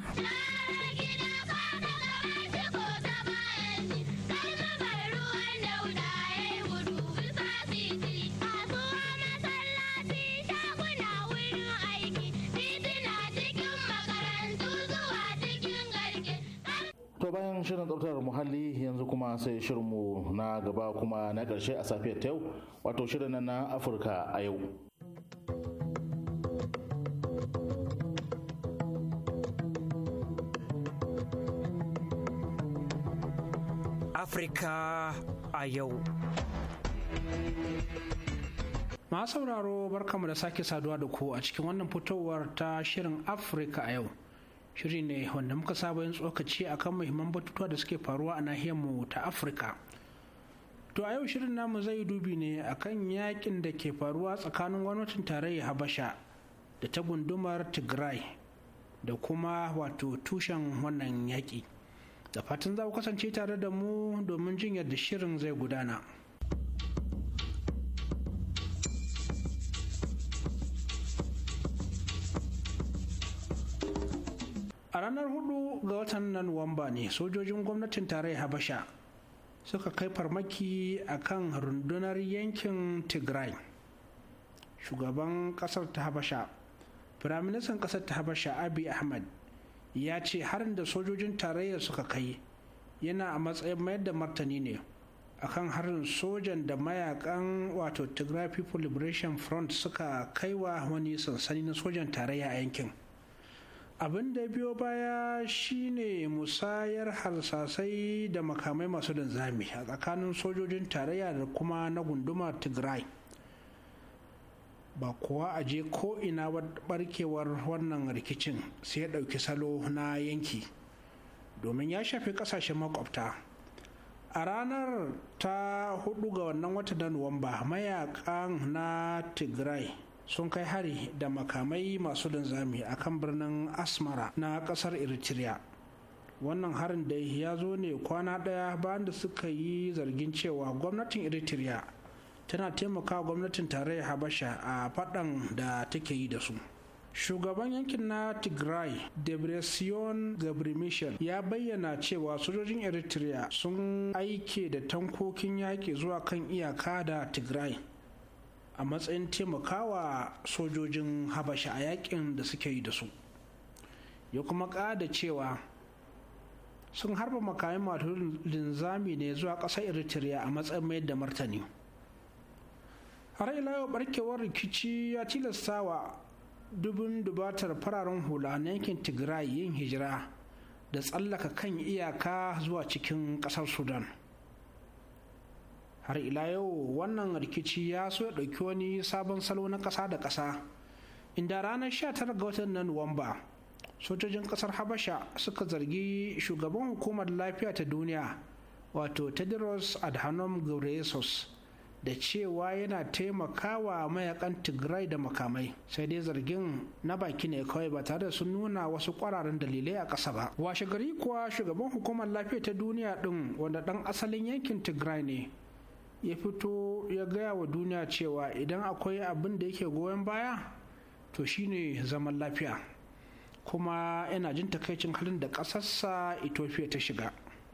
Speaker 2: shirin tsaftar muhalli yanzu kuma sai shirinmu na gaba kuma na ƙarshe a safiyar ta yau wato shirin na afirka a yau
Speaker 6: afirka
Speaker 4: a yau masu sauraro barkamu da sake saduwa da ku a cikin wannan fitowar ta shirin afirka a yau shiri ne wanda muka saba yin tsokaci akan muhimman batutuwa da suke faruwa a nahiyarmu ta afirka to a yau shirin namu zai dubi ne akan yakin da ke faruwa tsakanin gwamnatin tarayya habasha da ta gundumar tigray da kuma wato tushen wannan yaki da fatan za ku kasance tare da mu domin jin yadda shirin zai gudana. a ranar hudu ga watan nuwamba ne sojojin gwamnatin tarayya habasha suka kai farmaki a kan rundunar yankin tigray shugaban kasar ta habasha firaministan kasar ta habasha abi ahmad ya ce harin da sojojin tarayya suka kai yana a matsayin mayar da martani ne akan harin sojan da mayakan wato tigray people liberation front suka kaiwa wani sansani na sojan tarayya a yankin abin da biyo baya shine musayar harsasai da makamai masu danzami a tsakanin sojojin tarayya da kuma na gunduma tigray ba kuwa a je ko'ina barkewar wannan rikicin sai ya ɗauki salo na yanki domin ya shafi ƙasashen makwabta a ranar ta hudu ga wannan wata na nuwamba mayakan na tigray sun kai hari da makamai masu linzami a kan birnin asmara na kasar eritrea wannan harin da ya zo ne kwana ɗaya bayan da suka yi zargin cewa gwamnatin eritrea tana taimaka gwamnatin tarayyar habasha a faɗan da take yi da su shugaban yankin na tigray debresion gabrimishel ya bayyana cewa sojojin eritrea sun aike da tankokin yaƙi zuwa kan iyaka da tigray a matsayin taimakawa sojojin habasha a yakin da suke yi da su ya kuma ƙada cewa sun harba makamin masu linzami ne zuwa ƙasar eritrea a matsayin mayar da martani har ila yau barkewar rikici ya tilasta wa dubin dubatar fararen hula na yankin tigray yin hijira da tsallaka kan iyaka zuwa cikin ƙasar sudan har ila yau wannan rikici ya so ya ɗauki wani sabon salo na ƙasa da ƙasa inda ranar 19 ga watan na nuwamba sojojin ƙasar habasha suka zargi shugaban hukumar lafiya ta duniya wato tedros adhanom ghebreyesus da cewa yana taimakawa mayakan tigray da makamai sai dai zargin na baki ne kawai ba tare da sun nuna wasu kwararan dalilai a ƙasa ba washe gari kuwa shugaban hukumar lafiya ta duniya din wanda ɗan asalin yankin tigray ne ya fito ya gaya wa duniya cewa idan akwai abin da yake goyon baya to shine zaman lafiya kuma yana jin takaicin halin da ƙasarsa ethiopia ta shiga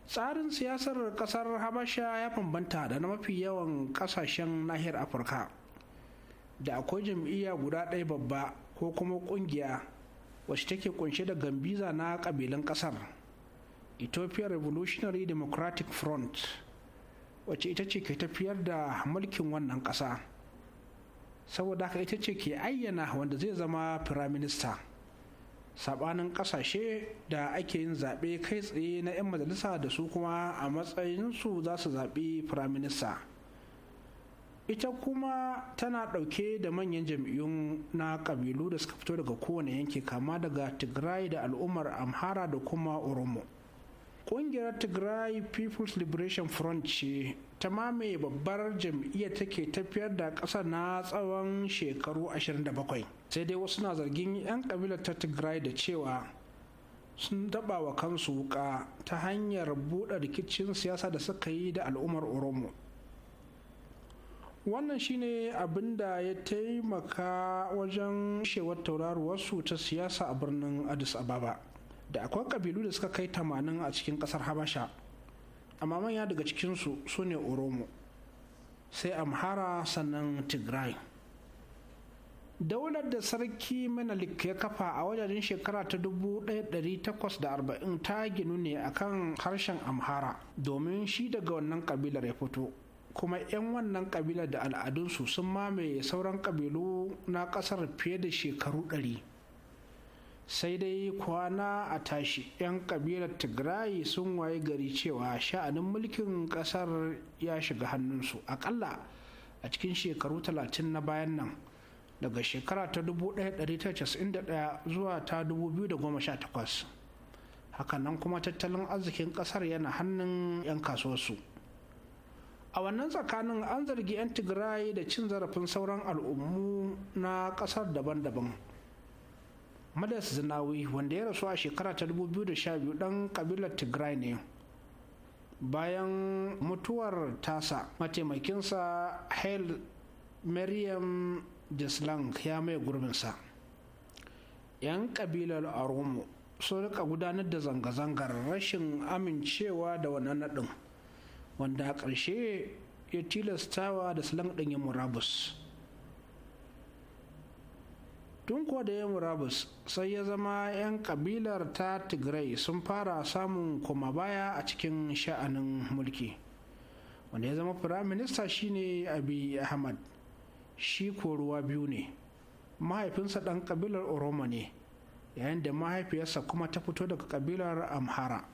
Speaker 4: tsarin siyasar ƙasar habasha ya bambanta da na mafi yawan ƙasashen nahiyar afirka da akwai jam'iyya guda ɗaya babba ko kuma ƙungiya wacce take kunshe da gambiza na ƙabilan ƙasar ethiopia revolutionary democratic front wacce ita ce ke tafiyar da mulkin wannan ƙasa saboda haka ita ce ke ayyana wanda zai zama firaminista sabanin ƙasashe da ake yin zaɓe kai tsaye na 'yan majalisa da su kuma a matsayinsu za su zaɓi firaminista ita kuma tana ɗauke da manyan jam'iyyun na ƙabilu da suka fito daga kowane yanki kama daga tigray da al'ummar amhara da kuma oromo ƙungiyar tigray people's liberation front ce ta mamaye babbar jam'iyyar take tafiyar da ƙasa na tsawon shekaru 27 sai dai wasu na zargin 'yan kabilar ta tigray da cewa sun taɓa wa kansu wuka ta hanyar buɗe rikicin siyasa da suka yi da al'ummar oromo wannan shine abin da ya taimaka wajen shewar tauraruwarsu ta siyasa a birnin addis ababa da akwai kabilu da suka kai tamanin a cikin kasar habasha amma manya daga cikinsu su ne oromo sai amhara sannan tigray daular da sarki menelik ya kafa a wajajen shekara ta 1840 ta ginu ne akan harshen amhara domin shi daga wannan kabilar ya fito kuma 'yan wannan kabilar da al'adunsu sun mamaye sauran kabilu na kasar fiye da shekaru ɗari. sai dai kwana a tashi 'yan kabilar Tigrayi sun waye gari cewa sha'anin mulkin kasar ya shiga hannunsu akalla a cikin shekaru 30 na bayan nan daga shekara ta 1991 zuwa ta 2018 hakanan kuma tattalin arzikin kasar yana hannun 'yan kasuwarsu a wannan tsakanin an zargi 'yan Tigrayi da cin zarafin sauran al'ummu na kasar daban-daban madas zinawi wanda ya rasu a shekara ta 2012 dan kabilar tigray ne bayan mutuwar tasa mataimakinsa hail maryam deslang ya mai gurbinsa 'yan kabilar aromo sun rika gudanar da zanga-zangar rashin amincewa da wannan naɗin wanda a ƙarshe ya tilastawa da slang ɗin ya murabus tun ko da ya murabus sai ya zama 'yan kabilar ta tigray sun fara samun koma baya a cikin sha'anin mulki wanda ya zama firaminista shine abi ahmad shi ruwa biyu ne mahaifinsa ɗan kabilar oroma ne yayin da mahaifiyarsa kuma ta fito daga kabilar amhara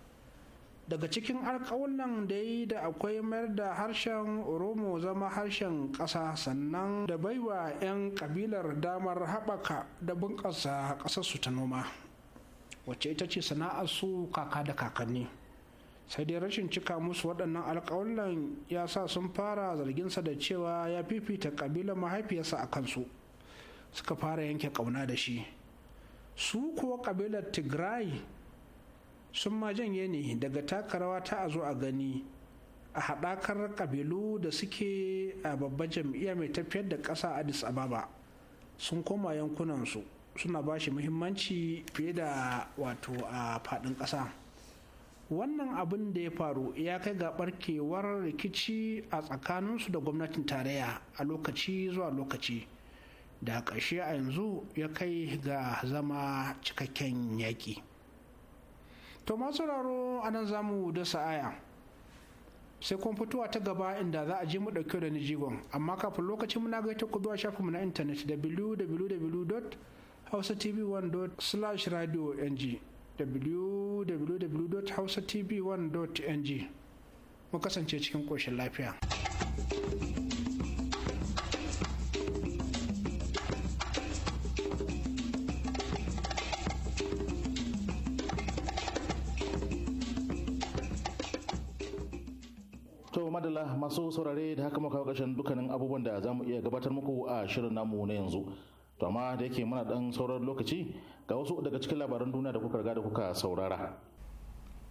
Speaker 4: daga cikin alkawunan da yi da akwai mayar da harshen oromo zama harshen ƙasa sannan da baiwa 'yan ƙabilar damar haɓaka da bunƙasa ƙasarsu ta noma wacce ita ce sana'ar su kaka da kakanni sai dai rashin cika musu waɗannan alkawunan ya sa sun fara zarginsa da cewa ya fifita ƙabilar mahaifiyarsa a kansu suka fara yanke ƙauna da shi su kuwa ƙabilar tigray sun ma janye ne daga takarawa ta a zo a gani a haɗakar ƙabilu da suke a babban jam'iyya mai tafiyar da ƙasa addis ababa sun koma yankunansu suna ba shi muhimmanci fiye da wato a faɗin ƙasa wannan abin da ya faru ya kai ga ɓarkewar rikici a tsakaninsu da gwamnatin tarayya a lokaci zuwa lokaci da ƙarshe a yanzu ya kai ga zama cikakken yaƙi. to masu raro anan za mu dasa aya sai kuma fitowa ta gaba inda za a ji mu ɗauke da nijigon amma kafin lokacin muna gaita ku zuwa shafinmu na intanet www.hausatv1.radio.ng www.hausatv1.ng mu kasance cikin ƙoshin lafiya.
Speaker 2: Allah masu saurare da haka muka ƙarshen dukkanin abubuwan da za mu iya gabatar muku a shirin namu na yanzu. To amma da yake muna dan sauran lokaci ga wasu daga cikin labaran duniya da kuka riga da kuka saurara.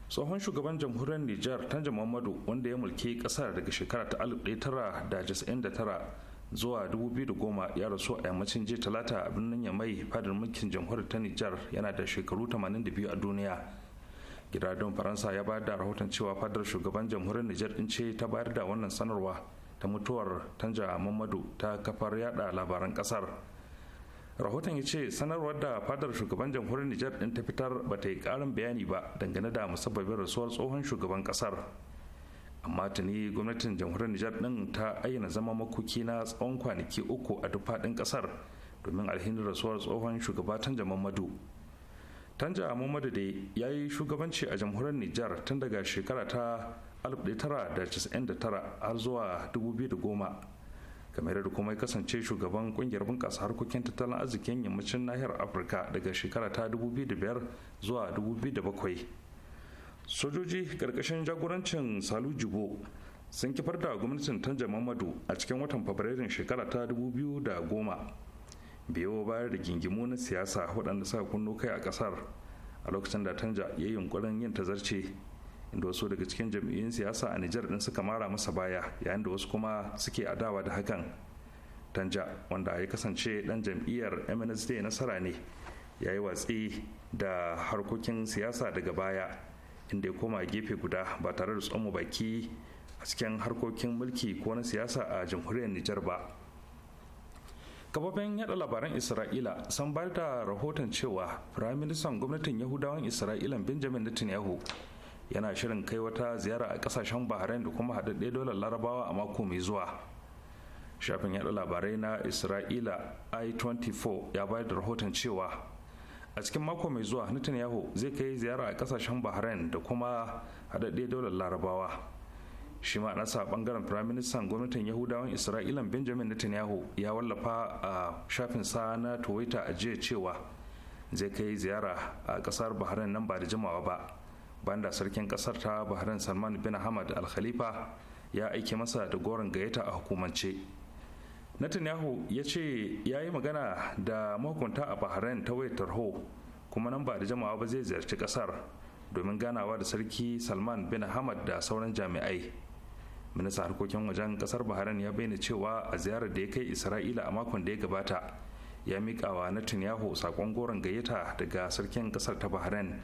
Speaker 3: Tsohon shugaban jamhuriyar Nijar Tanja Muhammadu wanda ya mulki kasar daga shekara ta tara zuwa 2010 ya rasu a yammacin jiya talata a birnin Yamai fadar mulkin jamhuriyar ta Nijar yana da shekaru 82 a duniya. gidajen faransa ya bayar da rahoton cewa fadar shugaban jamhuriyar nijar din ce ta bayar da wannan sanarwa ta mutuwar tanja mamadu ta kafar yada labaran kasar rahoton ya ce sanarwar da fadar shugaban jamhuriyar nijar din ta fitar ba ta yi karin bayani ba dangane da musabbabin rasuwar tsohon shugaban kasar amma tuni gwamnatin jamhuriyar nijar din ta ayyana zama makoki na tsawon kwanaki uku a duk faɗin kasar domin alhinin rasuwar tsohon shugaba tanja mamadu tanja muhammadu da ya yi shugabanci a jamhuriyar nijar tun daga shekara ta 1999 har zuwa 2010 kamar da kuma ya kasance shugaban kungiyar bunƙasa harkokin tattalin arzikin yammacin nahiyar afirka daga shekara ta 2005 zuwa 2007 sojoji ƙarƙashin jagorancin salu jibo sun kifar da gwamnatin tanja muhammadu a cikin watan fabrairun shekara ta 2010 biyo bayar da gingimu na siyasa waɗanda suka kunno kai a ƙasar a lokacin da tanja ya yi yunkurin yin tazarce inda wasu daga cikin jam'iyyun siyasa a nijar ɗin suka mara masa baya yayin da wasu kuma suke adawa da hakan tanja wanda ya kasance ɗan jam'iyyar mnsd nasara ne ya yi watsi da harkokin siyasa daga baya inda ya koma gefe guda ba tare da tsoma baki a cikin harkokin mulki ko na siyasa a jamhuriyar nijar ba Gababen yada labaran isra'ila sun bayar da rahoton cewa firaministan gwamnatin yahudawan isra'ila benjamin netanyahu yana shirin kai wata ziyara a kasashen bahrain da kuma haɗaɗɗe dolar larabawa a mako mai zuwa shafin yada labarai na isra'ila i24 ya bayar da rahoton cewa a cikin mako mai zuwa netanyahu zai kai ziyara a kasashen bahrain da kuma haɗaɗɗe dolar larabawa shi ma na sa bangaren firaministan gwamnatin yahudawan isra'ilan benjamin netanyahu ya wallafa a shafin sa na twitter a jiya cewa zai kai ziyara a kasar bahrain nan ba da jimawa ba banda sarkin kasar ta bahrain salman bin hamad al khalifa ya aiki masa da goron gayyata a hukumance netanyahu ya ce ya yi magana da mahukunta a bahrain ta wayar tarho kuma nan ba da jama'a ba zai ziyarci kasar domin ganawa da sarki salman bin hamad da sauran jami'ai minista harkokin wajen kasar bahrain ya bayyana cewa a ziyarar da ya kai isra'ila a makon da ya gabata ya miƙa wa netanyahu sakon goron gayyata daga sarkin kasar ta bahrain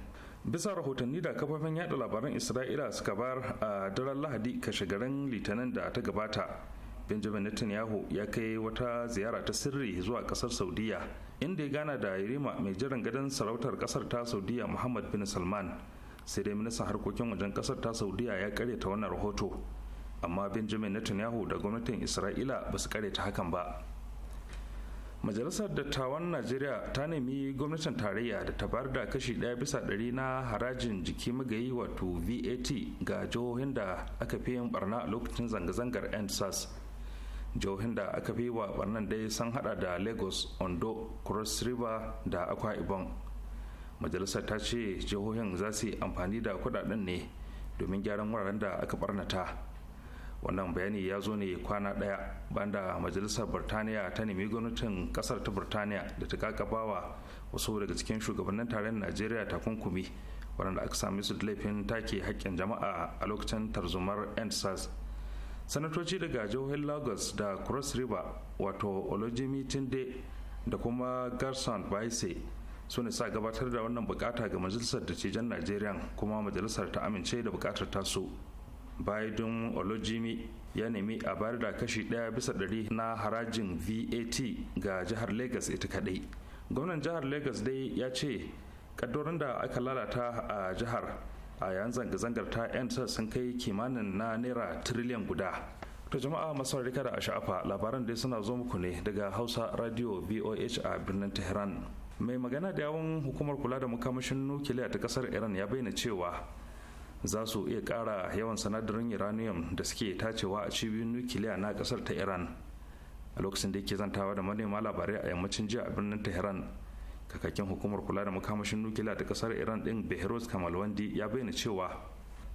Speaker 3: bisa rahotanni da kafafen yada labaran isra'ila suka bar a daren lahadi kashe garin litinin da ta gabata benjamin netanyahu ya kai wata ziyara ta sirri zuwa kasar saudiya inda ya gana da yarima mai jiran gadon sarautar kasar ta saudiya muhammad bin salman sai dai ministan harkokin wajen kasar ta saudiya ya karyata wannan rahoto amma benjamin netanyahu da gwamnatin isra'ila ba su kare ta hakan ba majalisar dattawan najeriya ta nemi gwamnatin tarayya da ta bayar da kashi ɗaya bisa ɗari na harajin jiki magayi wato vat ga jihohin da aka fi yin barna a lokacin zanga-zangar endsars jihohin da aka fi wa barnan dai sun hada da lagos ondo cross river da akwa ibom majalisar ta ce jihohin za su yi amfani da kudaden ne domin gyaran wuraren da aka barnata wannan bayani ya zo ne kwana daya banda majalisar birtaniya ta nemi gwamnatin kasar ta birtaniya da ta kakabawa wasu daga cikin shugabannin tarayyar najeriya takunkumi waɗanda aka sami su laifin take haƙƙin jama'a a lokacin tarzomar endsars sanatoci daga jihohin lagos da cross river wato olojimi tunde da kuma garson baise su ne sa gabatar da wannan bukata ga majalisar dattijan najeriya kuma majalisar ta amince da bukatar tasu Don olojimi ya nemi a bayar da kashi ɗaya bisa ɗari na harajin vat ga jihar lagos ita kaɗai gwamnan jihar lagos dai ya ce ƙaddorin da aka lalata a jihar a yayin zanga-zangar ta 'yan sun kai kimanin na naira tiriliyan guda To jama'a masu rika da sha'afa labaran dai suna zo muku ne daga Hausa Radio VOH a birnin Tehran. Mai magana da yawon hukumar kula da makamashin nukiliya ta kasar Iran ya bayyana cewa za su iya ƙara yawan sanadarin uranium da suke tacewa a cibiyoyin nukiliya na ƙasar ta iran a lokacin da yake zantawa da manema labarai a yammacin jiya a birnin tehran kakakin hukumar kula da makamashin nukiliya ta ƙasar iran ɗin behrouz kamalwandi ya bayyana cewa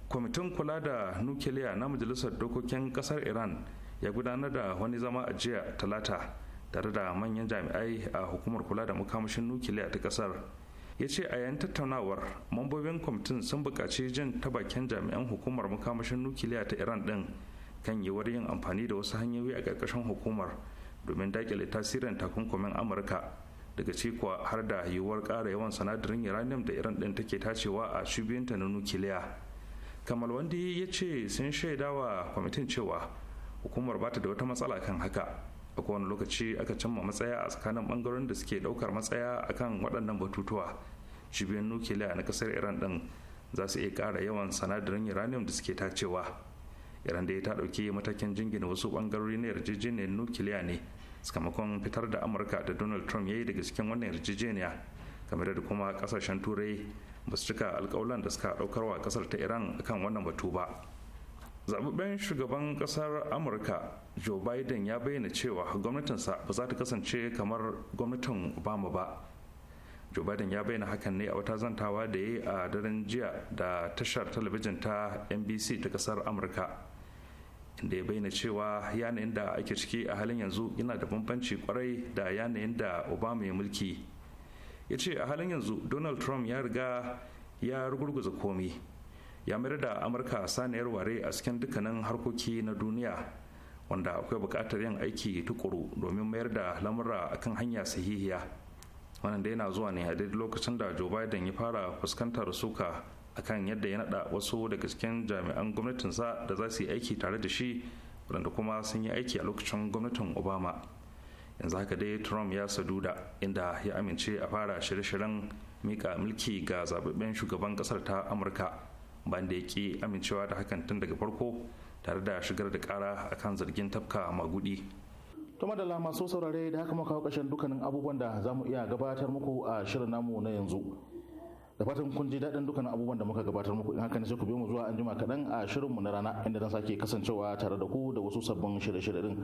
Speaker 3: kwamitin kula da nukiliya na majalisar dokokin ƙasar iran ya gudanar da wani zama a jiya talata tare da manyan jami'ai a hukumar kula da makamashin nukiliya ta ƙasar ya ce a yayin tattaunawar mambobin kwamitin sun buƙaci jin ta bakin jami'an hukumar makamashin nukiliya ta iran din kan yiwuwar yin amfani da wasu hanyoyi a ƙarƙashin hukumar domin daƙile tasirin takunkumin amurka daga cikuwa har da yiwuwar ƙara yawan sanadarin uranium da iran din take tacewa a shubiyinta na nukiliya kamal wandi ya ce sun shaidawa kwamitin cewa hukumar bata da wata matsala kan haka a kowane lokaci aka cimma matsaya a tsakanin bangarorin da suke daukar matsaya akan waɗannan batutuwa cibiyoyin nukiliya na kasar iran din za su iya ƙara yawan sanadarin uranium da suke tacewa iran da ta ɗauki matakin jingina wasu bangarori na yarjejeniyar nukiliya ne sakamakon fitar da amurka da donald trump ya yi daga cikin wannan yarjejeniya kamar da kuma kasashen turai ba su cika alkawalan da suka ɗaukar wa kasar ta iran akan wannan batu ba zababben shugaban ƙasar amurka joe biden ya bayyana cewa gwamnatinsa ba za ta kasance kamar gwamnatin obama ba joe biden ya bayyana hakan ne a wata zantawa da ya yi a daren jiya da tashar talabijin ta nbc ta ƙasar amurka inda ya bayyana cewa yanayin da ake ciki a halin yanzu yana da bambanci kwarai da yanayin da obama ya mulki ya ce a halin yanzu donald trump ya riga ya rugurguza komi ya mayar da amurka saniyar ware a cikin dukkanin harkoki na duniya wanda akwai bukatar yin aiki tukuru domin mayar da lamura akan hanya sahihiya wannan da yana zuwa ne a daidai lokacin da joe biden ya fara fuskantar suka akan yadda ya nada wasu daga cikin jami'an gwamnatinsa da za su yi aiki tare da shi waɗanda kuma sun yi aiki a lokacin gwamnatin obama yanzu haka dai trump ya saduda inda ya amince a fara shirye-shiryen mika mulki ga zababben shugaban ƙasar ta amurka banda ya ki amincewa da hakan tun daga farko tare da shigar da kara akan zargin tafka magudi
Speaker 2: to madalla masu saurare da haka muka kashin dukkanin abubuwan da za mu iya gabatar muku a shirin namu na yanzu da fatan kun ji daɗin dukkanin abubuwan da muka gabatar muku in haka ne sai ku biyo mu zuwa anjima kaɗan a shirinmu na rana inda zan sake kasancewa tare da ku da wasu sabbin shirye-shirye din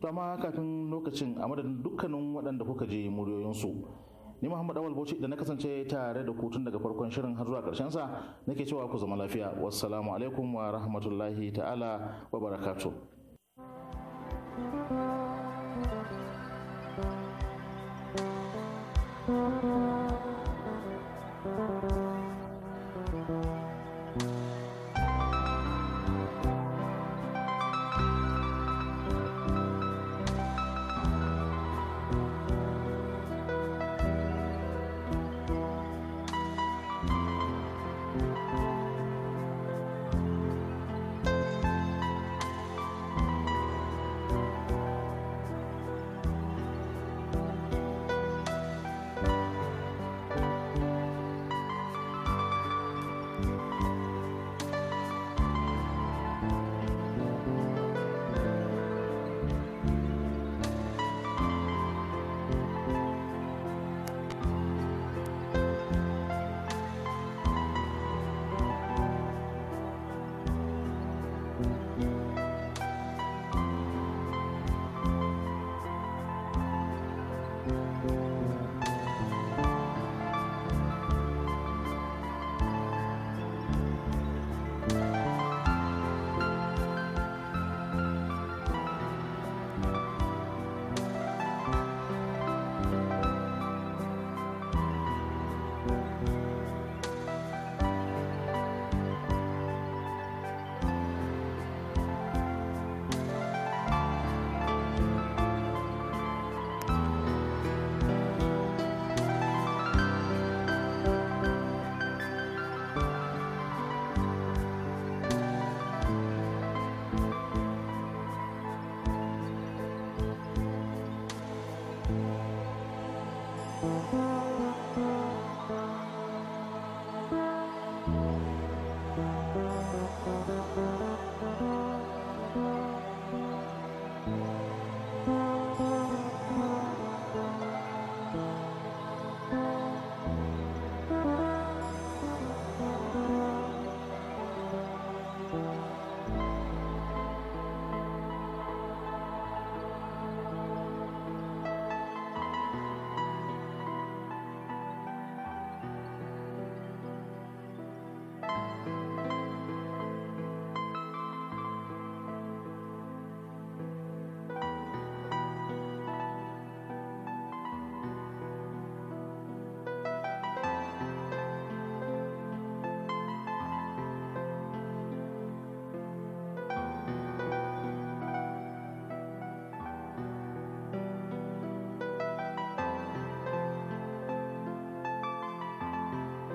Speaker 2: to amma kafin lokacin a madadin dukkanin waɗanda kuka je muryoyinsu ni muhammad awal bauchi da na kasance tare da kutun daga farkon shirin har zuwa karshen sa nake cewa ku zama lafiya wassalamu alaikum wa rahmatullahi ta'ala wa barakatuh
Speaker 10: thank you